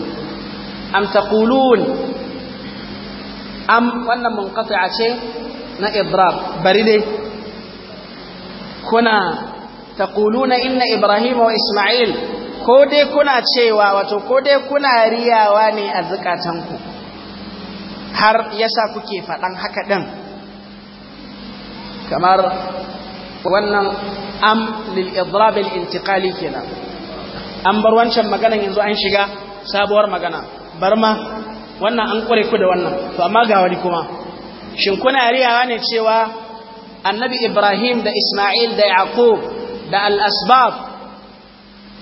أم تقولون أم وأن منقطعة ما na idrab كنا تقولون إن إبراهيم وإسماعيل ko dai kuna cewa wato ko dai kuna riyawa ne a zukatanku har yasa kuke faɗan haka ɗin kamar wannan am lil idrabil intiqali kenan an bar wancan maganan yanzu an shiga sabuwar magana bar ma wannan an kure ku da wannan to amma ga wani kuma shin kuna riyawa ne cewa annabi ibrahim da isma'il da yaqub da al asbab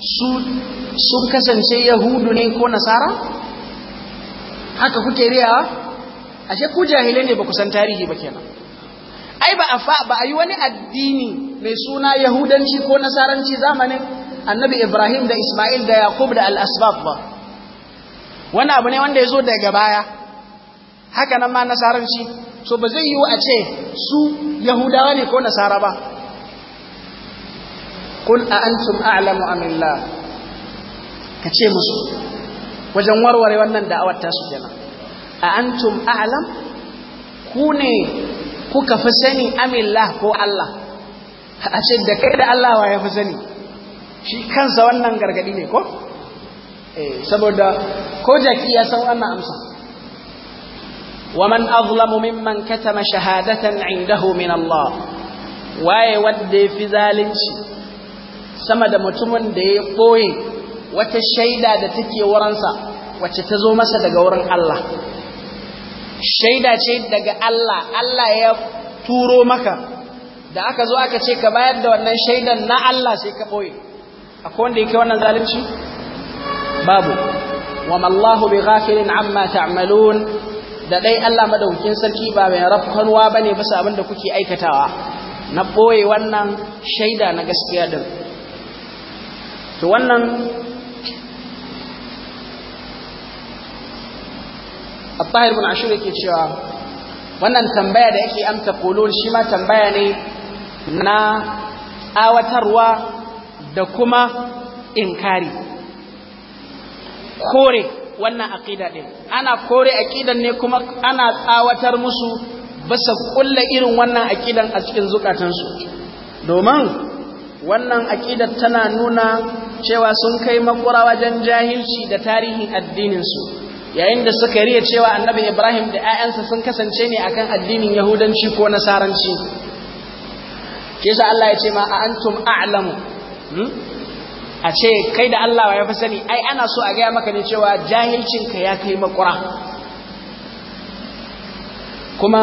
sun kasance yahudu ne ko nasara haka kuke riyawa ashe ku jahilai ne ba ku san tarihi ba kenan ai ba a fa a yi wani addini mai suna yahudanci ko nasaranci zamanin annabi ibrahim da isma'il da yaqub da al-asbab ba wani abu ne wanda ya zo daga baya haka nan ma nasaranci so ba zai yiwu a ce su yahudawa ne ko nasara ba Kun a antum a'lamu amillah ka ce musu wajen warware wannan da'awar tasu kenan a antum a'lam ku ne kuka fi sani amillah ko Allah a ce da kai da Allah wa ya fi sani shi kansa wannan gargadi ne ko eh saboda ko jaki ya san wannan amsa ومن أظلم ممن كتم شهادة عنده من الله واي ودي في ذلك sama da mutumin da ya ɓoye wata shaida da take wurinsa wacce ta zo masa daga wurin Allah shaida ce daga Allah Allah ya turo maka da aka zo aka ce ka bayar da wannan shaidan na Allah sai ka ɓoye akwai wanda yake wannan zalunci babu wa mallahu bi ghafirin amma ta'malun da dai Allah madaukakin sarki ba mai rafkanwa bane bisa abin da kuke aikatawa na ɓoye wannan shaida na gaskiya din to wannan Abahir bin Ashur yake cewa wannan tambaya da yake amsa kolon shi ma tambaya ne na awatarwa da kuma inkari kore wannan aqida din ana kore aqidan ne kuma ana tsawatar musu basa kulla irin wannan aqidan a cikin zukatansu domin wannan aqidar tana nuna cewa sun kai makura wajen jahilci da tarihin addininsu yayin da suka riya cewa annabi ibrahim da 'ya'yansa sun kasance ne akan addinin yahudanci ko nasaranci ke sa Allah ya ce ma a antum a'lamu hmm? a ce kai da Allah ya fi sani ai ana so a gaya maka ne cewa jahilcinka ya kai makura kuma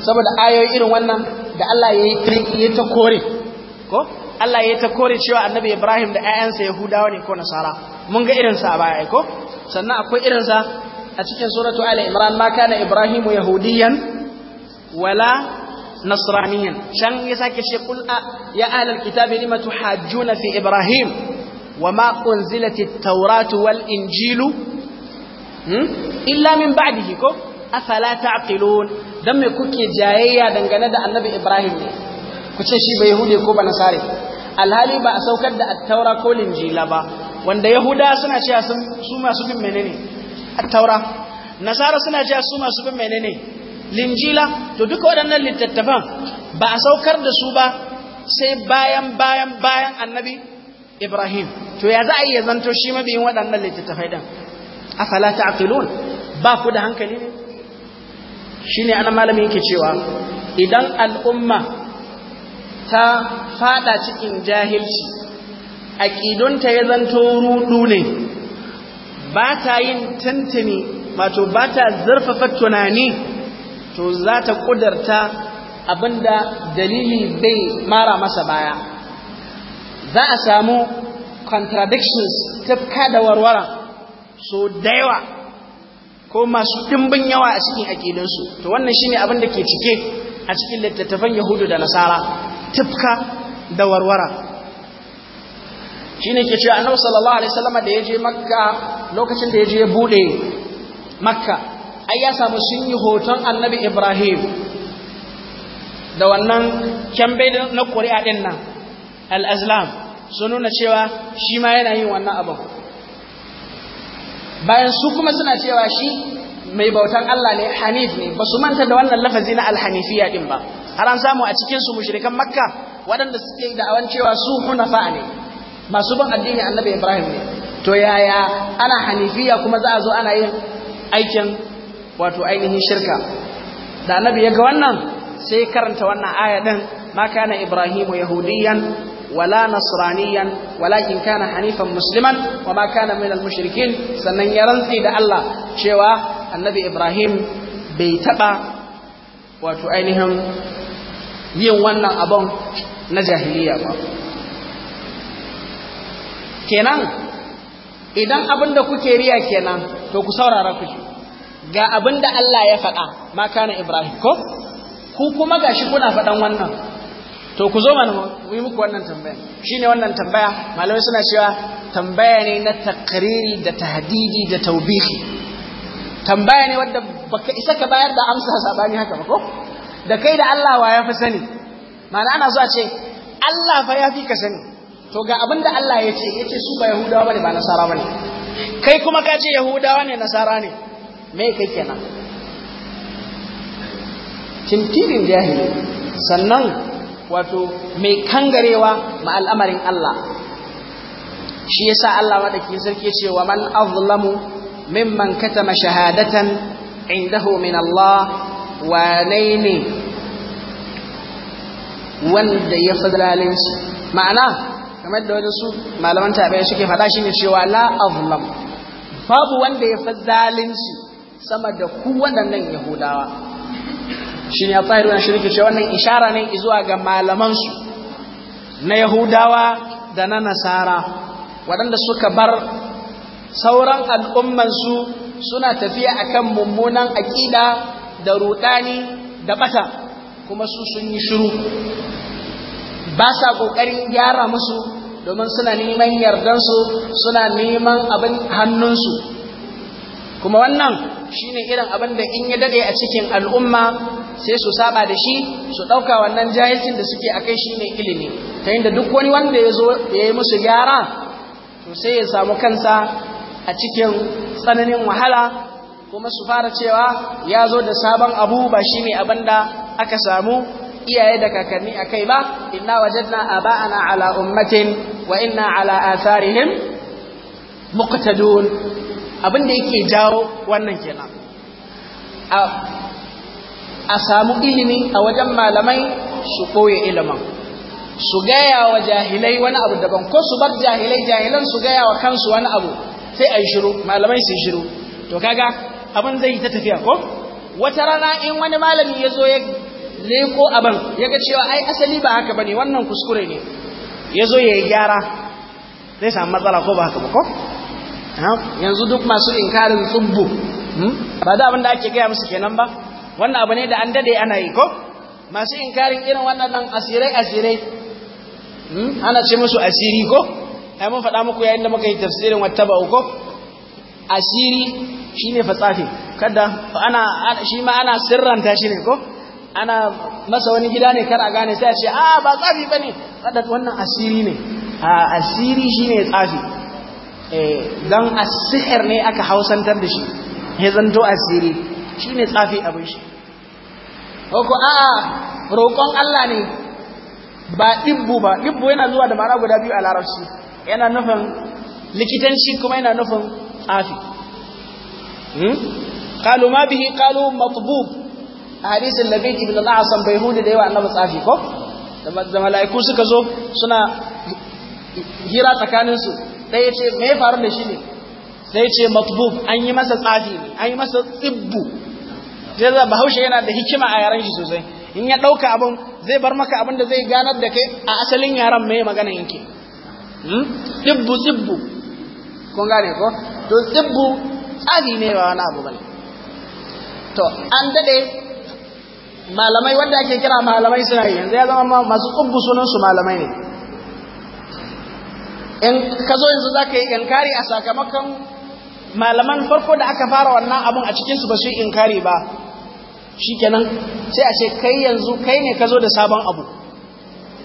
saboda ayoyi irin wannan da Allah ya yi ta kore ko Allah ya ta kore cewa annabi Ibrahim da ‘ya'yansa Yahudawa ne ko Nasara, mun ga irinsa a baya ko? Sannan akwai irinsa a cikin suratu Ali Imran ma kana Ibrahimu Yahudiyan wala Nasraniyan. shan ya sake ce kul a ya alal kitabi lima tuhajjuna fi Ibrahim wa ma unzilati tauratu wal injilu hmm? illa min ba'dihi ko afala ta'qilun dan me kuke jayayya dangane da annabi Ibrahim ne ku ce shi ba Yahudi ko ba Nasare alhali ba a saukar da attaura ko linjila ba wanda yahuda suna cewa su masu bin menene attaura nasara suna cewa su masu bin menene linjila to duka waɗannan littattafan ba a saukar da su ba sai bayan bayan bayan annabi ibrahim to ya za a iya zanto shi mabiyin waɗannan littattafai ɗin afala ta'qilun ba ku da hankali ne shine ana malami yake cewa idan al'umma ta fada cikin jahilci aƙidunta ya zanto rudu ne ba ta yin tantini wato ba ta zarfafa tunani to za ta ƙudarta abinda dalili bai mara masa baya za a samu contradictions tafka da warwara so da ko masu ɗimbin yawa a cikin akidansu to wannan shine abin da ke cike a cikin littattafan yahudu da nasara Tifka da warwara shine ke cewa annabi sallallahu alaihi wasallam da yaje makka lokacin da yaje ya bude makka ai ya samu sun yi hoton annabi ibrahim da wannan kyanbe na ƙuri'a ɗin nan al'azlam sun nuna cewa shi ma yana yin wannan abu bayan su kuma suna cewa shi mai bautan Allah ne hanif ne ba su manta da wannan lafazi na alhanifiya ɗin ba har an samu a cikin su mushrikan makka waɗanda suke da awan cewa su hunafa ne masu bin addini annabi ibrahim ne to yaya ana hanifiya kuma za a zo ana yin aikin wato ainihin shirka da annabi ya ga wannan sai karanta wannan aya din ma kana ibrahimu yahudiyan ولا نصرانيا kana Hanifan حنيفا wa ma kana من المشركين sannan ya rantsi da Allah cewa annabi Ibrahim bai taba wato ainihin yin wannan abin na jahiliya ba kenan idan abin da kuke riya kenan to ku saurara ku ga abin da Allah ya faɗa maka na Ibrahim ko ku kuma ga shi kuna faɗan wannan to ku zo mana yi muku wannan tambaya Shi ne wannan tambaya malamai suna cewa tambaya ne na takariri da tahdidi da taubihi tambaya ne wadda baka isa ka bayar da amsa saɓani haka ba ko da kai da Allah wa ya fi sani ma'ana ana zuwa ce Allah fa ya fi ka sani to ga abin da Allah ya ce ya ce su ba Yahudawa ne, ba Nasara ne. kai kuma ka ce Yahudawa ne Nasara ne me kai kenan tintirin jahili sannan wato mai kangarewa ma al'amarin Allah shi yasa Allah madaki sarki ce wa man azlamu mimman katama shahadatan indahu min Allah wane ne wanda ya fi zalalinsu ma'ana kamar da wajen su malaman tabi'a suke faɗa shine cewa la babu wanda ya fi zalinsu sama da ku waɗannan yahudawa ne ya tsari wani shirki cewa wannan ishara ne zuwa ga malamansu na yahudawa da na nasara waɗanda suka bar sauran al'ummansu suna tafiya akan mummunan aƙida da rudani da bata kuma su sun yi shiru ba sa ƙoƙarin gyara musu domin suna neman yardansu suna neman abin hannunsu kuma wannan shine irin abin da in ya dade a cikin al'umma sai su saba da shi su ɗauka wannan jahilcin da suke akai shine ilimi ta yadda duk wani wanda ya zo ya yi musu gyara to sai ya samu kansa a cikin tsananin wahala kuma su fara cewa ya zo da sabon abu ba shi ne abin da aka samu iyaye da kakanni a kai ba inna wajadna aba'ana ala ummatin wa inna ala atharihim muqtadun abin da yake jawo wannan kenan a samu ilimi a wajen malamai su koye ilimin su gaya wa jahilai wani abu daban ko su bar jahilai jahilan su gaya wa kansu wani abu sai a yi shiru malamai su shiru to kaga abin zai yi ta tafiya ko wata rana in wani malami ya zo ya leko abin ya ga cewa ai asali ba haka bane wannan kuskure ne ya zo ya yi gyara zai samu matsala ko ba haka ba ko yanzu duk masu inkarin tsubbu hmm? ba da abin da ake gaya musu kenan ba wannan abu ne da an dade ana yi ko masu inkarin irin nan asirai asirai hmm? ana ce musu asiri ko ai mun faɗa muku yayin da muka yi tafsirin wata ba ko asiri shine fatsafi kada ana shi ma ana sirranta shi ne ko ana masa wani gida ne kar a gane sai a ce a ah, ba tsafi bane kada wannan asiri ne a asiri shine tsafi eh dan asihir ne aka hausantar da shi ya zanto asiri shine tsafi abin shi ko ko a ah, roƙon Allah ne ba dibbu ba dibbu yana zuwa da mara guda biyu a larabci yana nufin likitanci kuma yana nufin afi hmm? qalu ma bihi qalu matbub a hadisin labid ibn al-asam bai hudu da yawa annabi tsafi ko da mala'iku suka zo suna hira tsakanin su ɗaya ce me ya faru da shi ne ɗaya ce matbub an yi masa tsafi an yi masa tsibbu zai za bahaushe yana da hikima a yaren shi sosai in ya ɗauka abun zai bar maka abun da zai ganar da kai a asalin yaren me magana yake hmm? tsibbu tsibbu kun gane ko to tsibbu tsari ne ba wani abu bane to an dade malamai wanda ake kira malamai suna yi yanzu ya zama masu kubbu sunan su malamai ne in ka zo yanzu zaka yi inkari a sakamakon malaman farko da aka fara wannan abun a cikin su ba su yi inkari ba shikenan sai a ce kai yanzu kai ne ka zo da sabon abu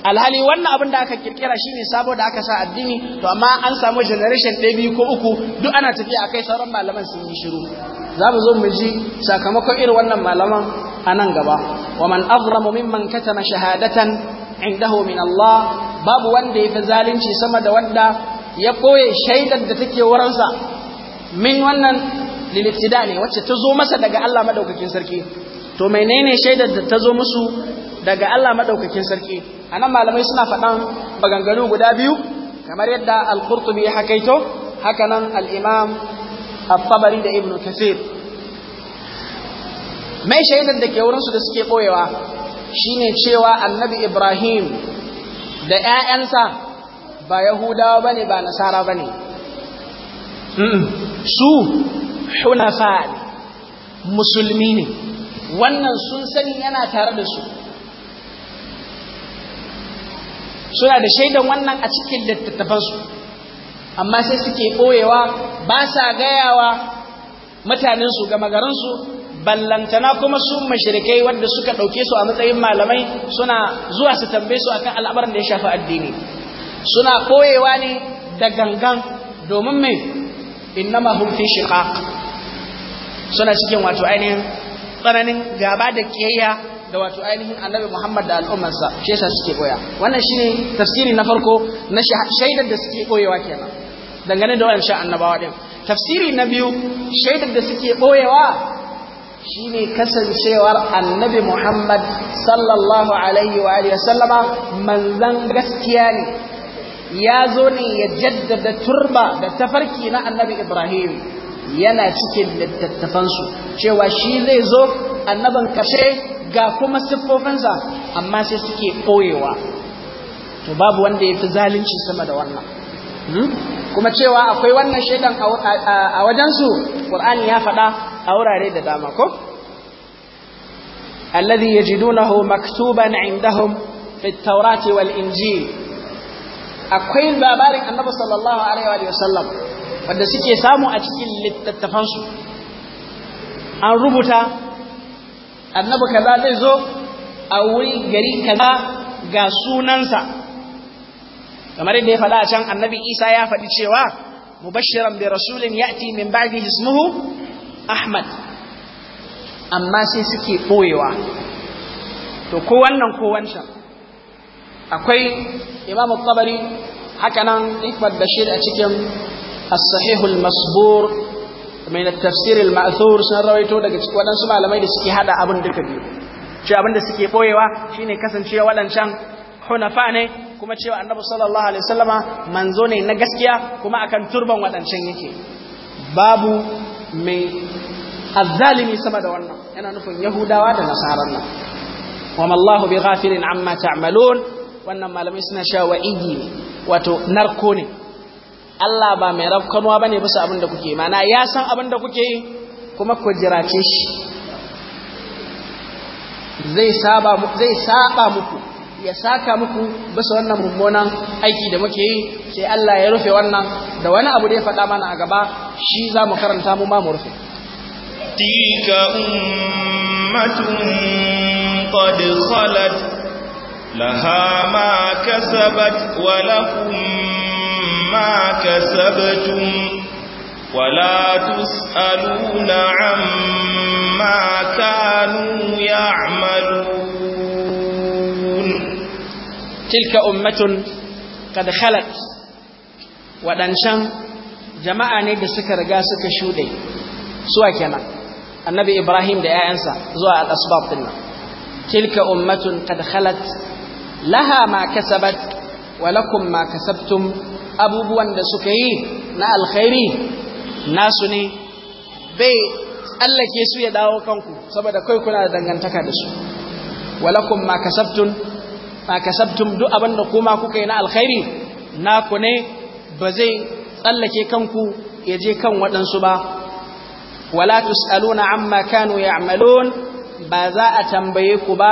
alhali wannan abin da aka kirkira shine sabo da aka sa addini to amma an samu generation ɗaya biyu ko uku duk ana tafiya akai sauran malaman sun yi shiru za mu zo mu ji sakamakon irin wannan malaman a nan gaba wa man azramu mimman katama shahadatan indahu min Allah babu wanda yafi zalunci sama da wanda ya koye shaidar da take wurinsa min wannan lilittida ne wacce ta zo masa daga Allah madaukakin sarki to menene shaidar da ta zo musu daga Allah madaukakin sarki anan malamai suna faɗan maganganu guda biyu kamar yadda al-qurtubi ya hakaito haka nan al-imam al tabari da ibnu kathir mai shaidan da ke wurinsu da suke ɓoyewa shine cewa annabi ibrahim da ‘ya'yansa ba yahudawa ba ne ba nasara ba ne su hunafa musulmi ne wannan sun sani yana tare da su suna da shaidan wannan a cikin littattafansu amma sai suke ɓoyewa ba sa gayawa mutanensu ga magaransu ballantana kuma su mashirikai wadda suka ɗauke su a matsayin malamai suna zuwa su tambaye su akan al'amarin da ya shafi addini suna ɓoyewa ne da gangan domin mai innama hum fi shiqaq suna cikin wato ainihin tsananin gaba da kiyayya da wato ainihin annabi Muhammad da al'ummarsa shi yasa suke wannan shine tafsiri na farko na shaidar da suke kenan dangane da annabawa din tafsiri na biyu shaidar da suke koyewa shine kasancewar annabi Muhammad sallallahu alaihi wa alihi sallama manzan gaskiya ne ya zo ne ya jaddada turba da tafarki na annabi Ibrahim yana cikin littattafansu cewa shi zai zo annaban kashe ga kuma siffofinsa amma sai suke ɓoyewa to babu wanda ya fi zalunci sama da wannan hmm? kuma cewa akwai wannan shaidan a wajensu ƙur'ani ya faɗa a wurare da dama ko alladhi yajidunahu maktuban indahum fi wal injil akwai labarin annabi sallallahu alaihi wa sallam wanda suke samu a cikin littattafansu an rubuta annabi kaza zai zo a wuri gari kaza ga sunansa kamar yadda ya faɗa a can annabi isa ya faɗi cewa mubashiran bi rasulin ya'ti min ba'di ismuhu ahmad amma sai suke ɓoyewa to ko wannan ko wancan akwai imamu tabari haka nan ikbar bashir a cikin as-sahihul masbur mai at tafsirin al sun rawaito daga cikin malamai da suke hada abin duka biyu cewa abin da suke boyewa shine kasancewa wadancan hunafa ne kuma cewa annabi sallallahu alaihi wasallama manzo ne na gaskiya kuma akan turban waɗancan yake babu mai azzalimi sama da wannan yana nufin yahudawa da nasaran nan wa mallahu bighafilin amma ta'malun wannan malamai suna sha wa'idi ne wato narko ne Allah ba mai rafkanuwa bane bisa abin da kuke mana ya san abin da kuke kuma ku jirace shi zai saba zai saba muku ya saka muku bisa wannan mummunan aiki da muke yi sai Allah ya rufe wannan da wani abu da ya faɗa mana a gaba shi za mu karanta mu ma mu rufe tilka ummatun qad khalat laha ma kasabat wa lahum ما كسبتم ولا تسألون عما كانوا يعملون تلك أمة قد خلت waɗancan jama'a ne da suka riga suka shuɗe suwa kenan annabi ibrahim da 'ya'yansa zuwa al'asbab ɗin tilka ummatun qad khalat laha ma walakun wa lakum ma abubuwan da suka yi na alkhairi nasu ne bai tsallake su ya dawo kanku saboda kai kuna da dangantaka da su walakum ma kasabtum ma kasabtum duk abin da kuma kuka yi na alkhairi naku ne ba zai tsallake kanku ya je kan waɗansu ba wala tus'aluna amma kanu ya'malun ba za a tambaye ku ba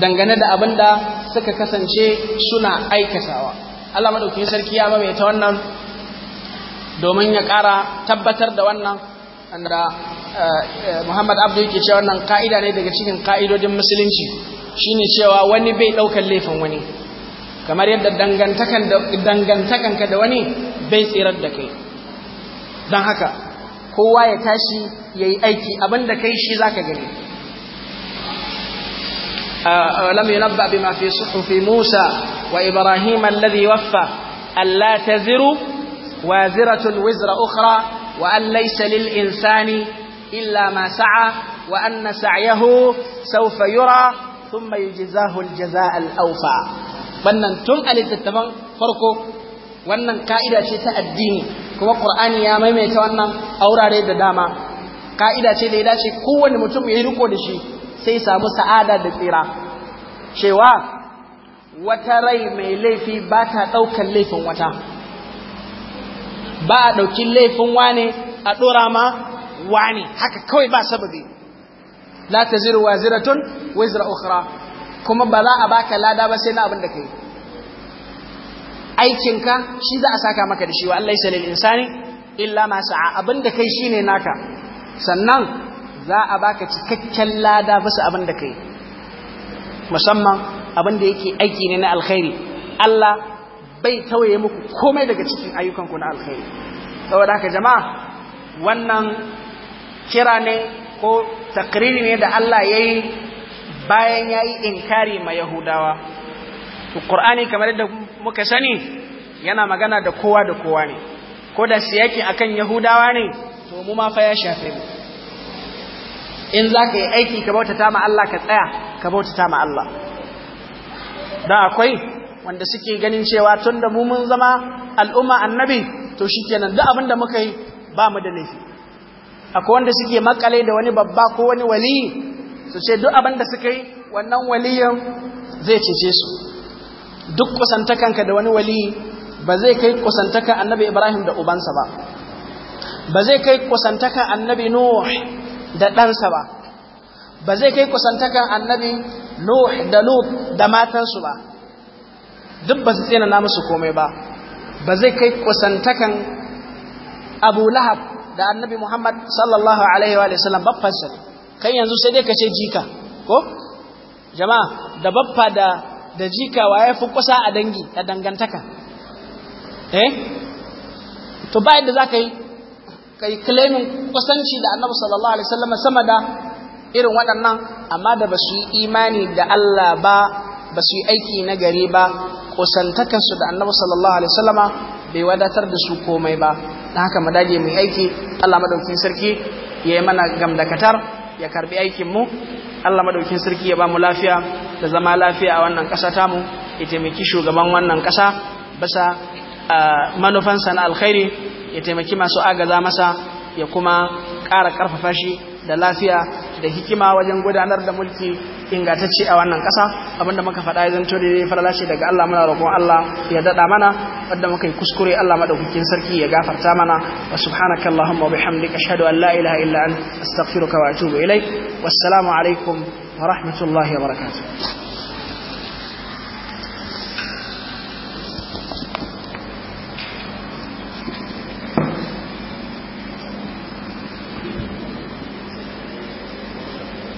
dangane da abin suka kasance suna aikatawa Allah madaukakin sarki ya ta wannan domin ya ƙara tabbatar da wannan da eh, eh, Muhammad Abdu yake cewa wannan ka'ida ne daga cikin ka'idodin musulunci shine cewa wani bai ɗaukar laifin wani kamar yadda dangantakanka da wani bai tsirar da kai don haka kowa ya tashi ya yi aiki abinda kai shi zaka ka gani ولم ينبأ بما في صحف موسى وإبراهيم الذي وفى ألا تزر وازرة وزر أخرى وأن ليس للإنسان إلا ما سعى وأن سعيه سوف يرى ثم يجزاه الجزاء الأوفى wannan tun a littattafan farko wannan ka'ida ce ta addini kuma ƙur'ani ya maimaita wannan aurare da dama ka'ida ce da ya dace kowane mutum ya yi riko da shi sai samu sa'ada da tsira cewa wata rai mai laifi ba ta ɗaukan laifin wata ba a ɗauki laifin wane a ɗora ma wane haka kawai ba sababi la ta ziru wa ziratun ukhra kuma ba za a baka lada ba sai na abin da kai aikinka shi za a saka maka da shi wa Allah ya insani illa ma sa'a abin da kai shine naka sannan za a baka cikakken lada bisa abin da kai musamman abin da yake aiki ne na alkhairi Allah bai tawaye muku komai daga cikin ayyukanku na alkhairi saboda haka jama'a wannan kira ne ko takriri ne da Allah ya yi bayan ya yi inkari ma Yahudawa Qur'ani kamar yadda muka sani yana magana da kowa da kowa ne ko da siyaki akan Yahudawa ne to mu ma fa ya shafe mu in za ka yi aiki ka bauta ma Allah ka tsaya ka bauta ta Allah da akwai wanda suke ganin cewa tun da mu mun zama al'umma annabi to shi kenan duk abinda muka yi ba mu da laifi akwai wanda suke makale da wani babba ko wani waliyi su ce duk abinda suka yi wannan waliyan zai cece su duk kusantakanka da wani waliyi ba zai kai kusantaka annabi ibrahim da ubansa ba ba zai kai kusantakan annabi nuh da ɗansa ba ba zai kai kusantakan annabi Nuh da Lut da matansu ba duk ba su tsena na musu komai ba ba zai kai kusantakan Abu Lahab da annabi Muhammad sallallahu alaihi wa sallam baffansa kai yanzu sai dai ka ce jika ko jama'a da baffa da da jika wa ya fi kusa a dangi a dangantaka eh to bayan da za ka yi kai claiming kusanci da annabi sallallahu alaihi wasallam sama da irin waɗannan amma da ba su yi imani da Allah ba ba su yi aiki na gari ba kusantakarsu da annabi sallallahu alaihi bai wadatar da su komai ba don haka mu dage mu aiki Allah madaukakin sarki ya yi mana gamdakatar ya karbi aikin mu Allah madaukakin sarki ya ba mu lafiya da zama lafiya a wannan ƙasa tamu ya taimaki shugaban wannan ƙasa basa ah, manufansa na alkhairi ya taimaki masu agaza masa ya kuma ƙara ƙarfafa shi da lafiya da hikima wajen gudanar da mulki ingantacce a wannan ƙasa abinda muka faɗa ya zanto daidai farala ce daga Allah muna roƙon Allah ya daɗa mana wanda muka yi kuskure Allah maɗaukakin sarki ya gafarta mana wa subhanaka allahumma wa bihamdika ashhadu an la ilaha illa anta astaghfiruka wa atubu ilaik wassalamu alaikum wa rahmatullahi wa barakatuh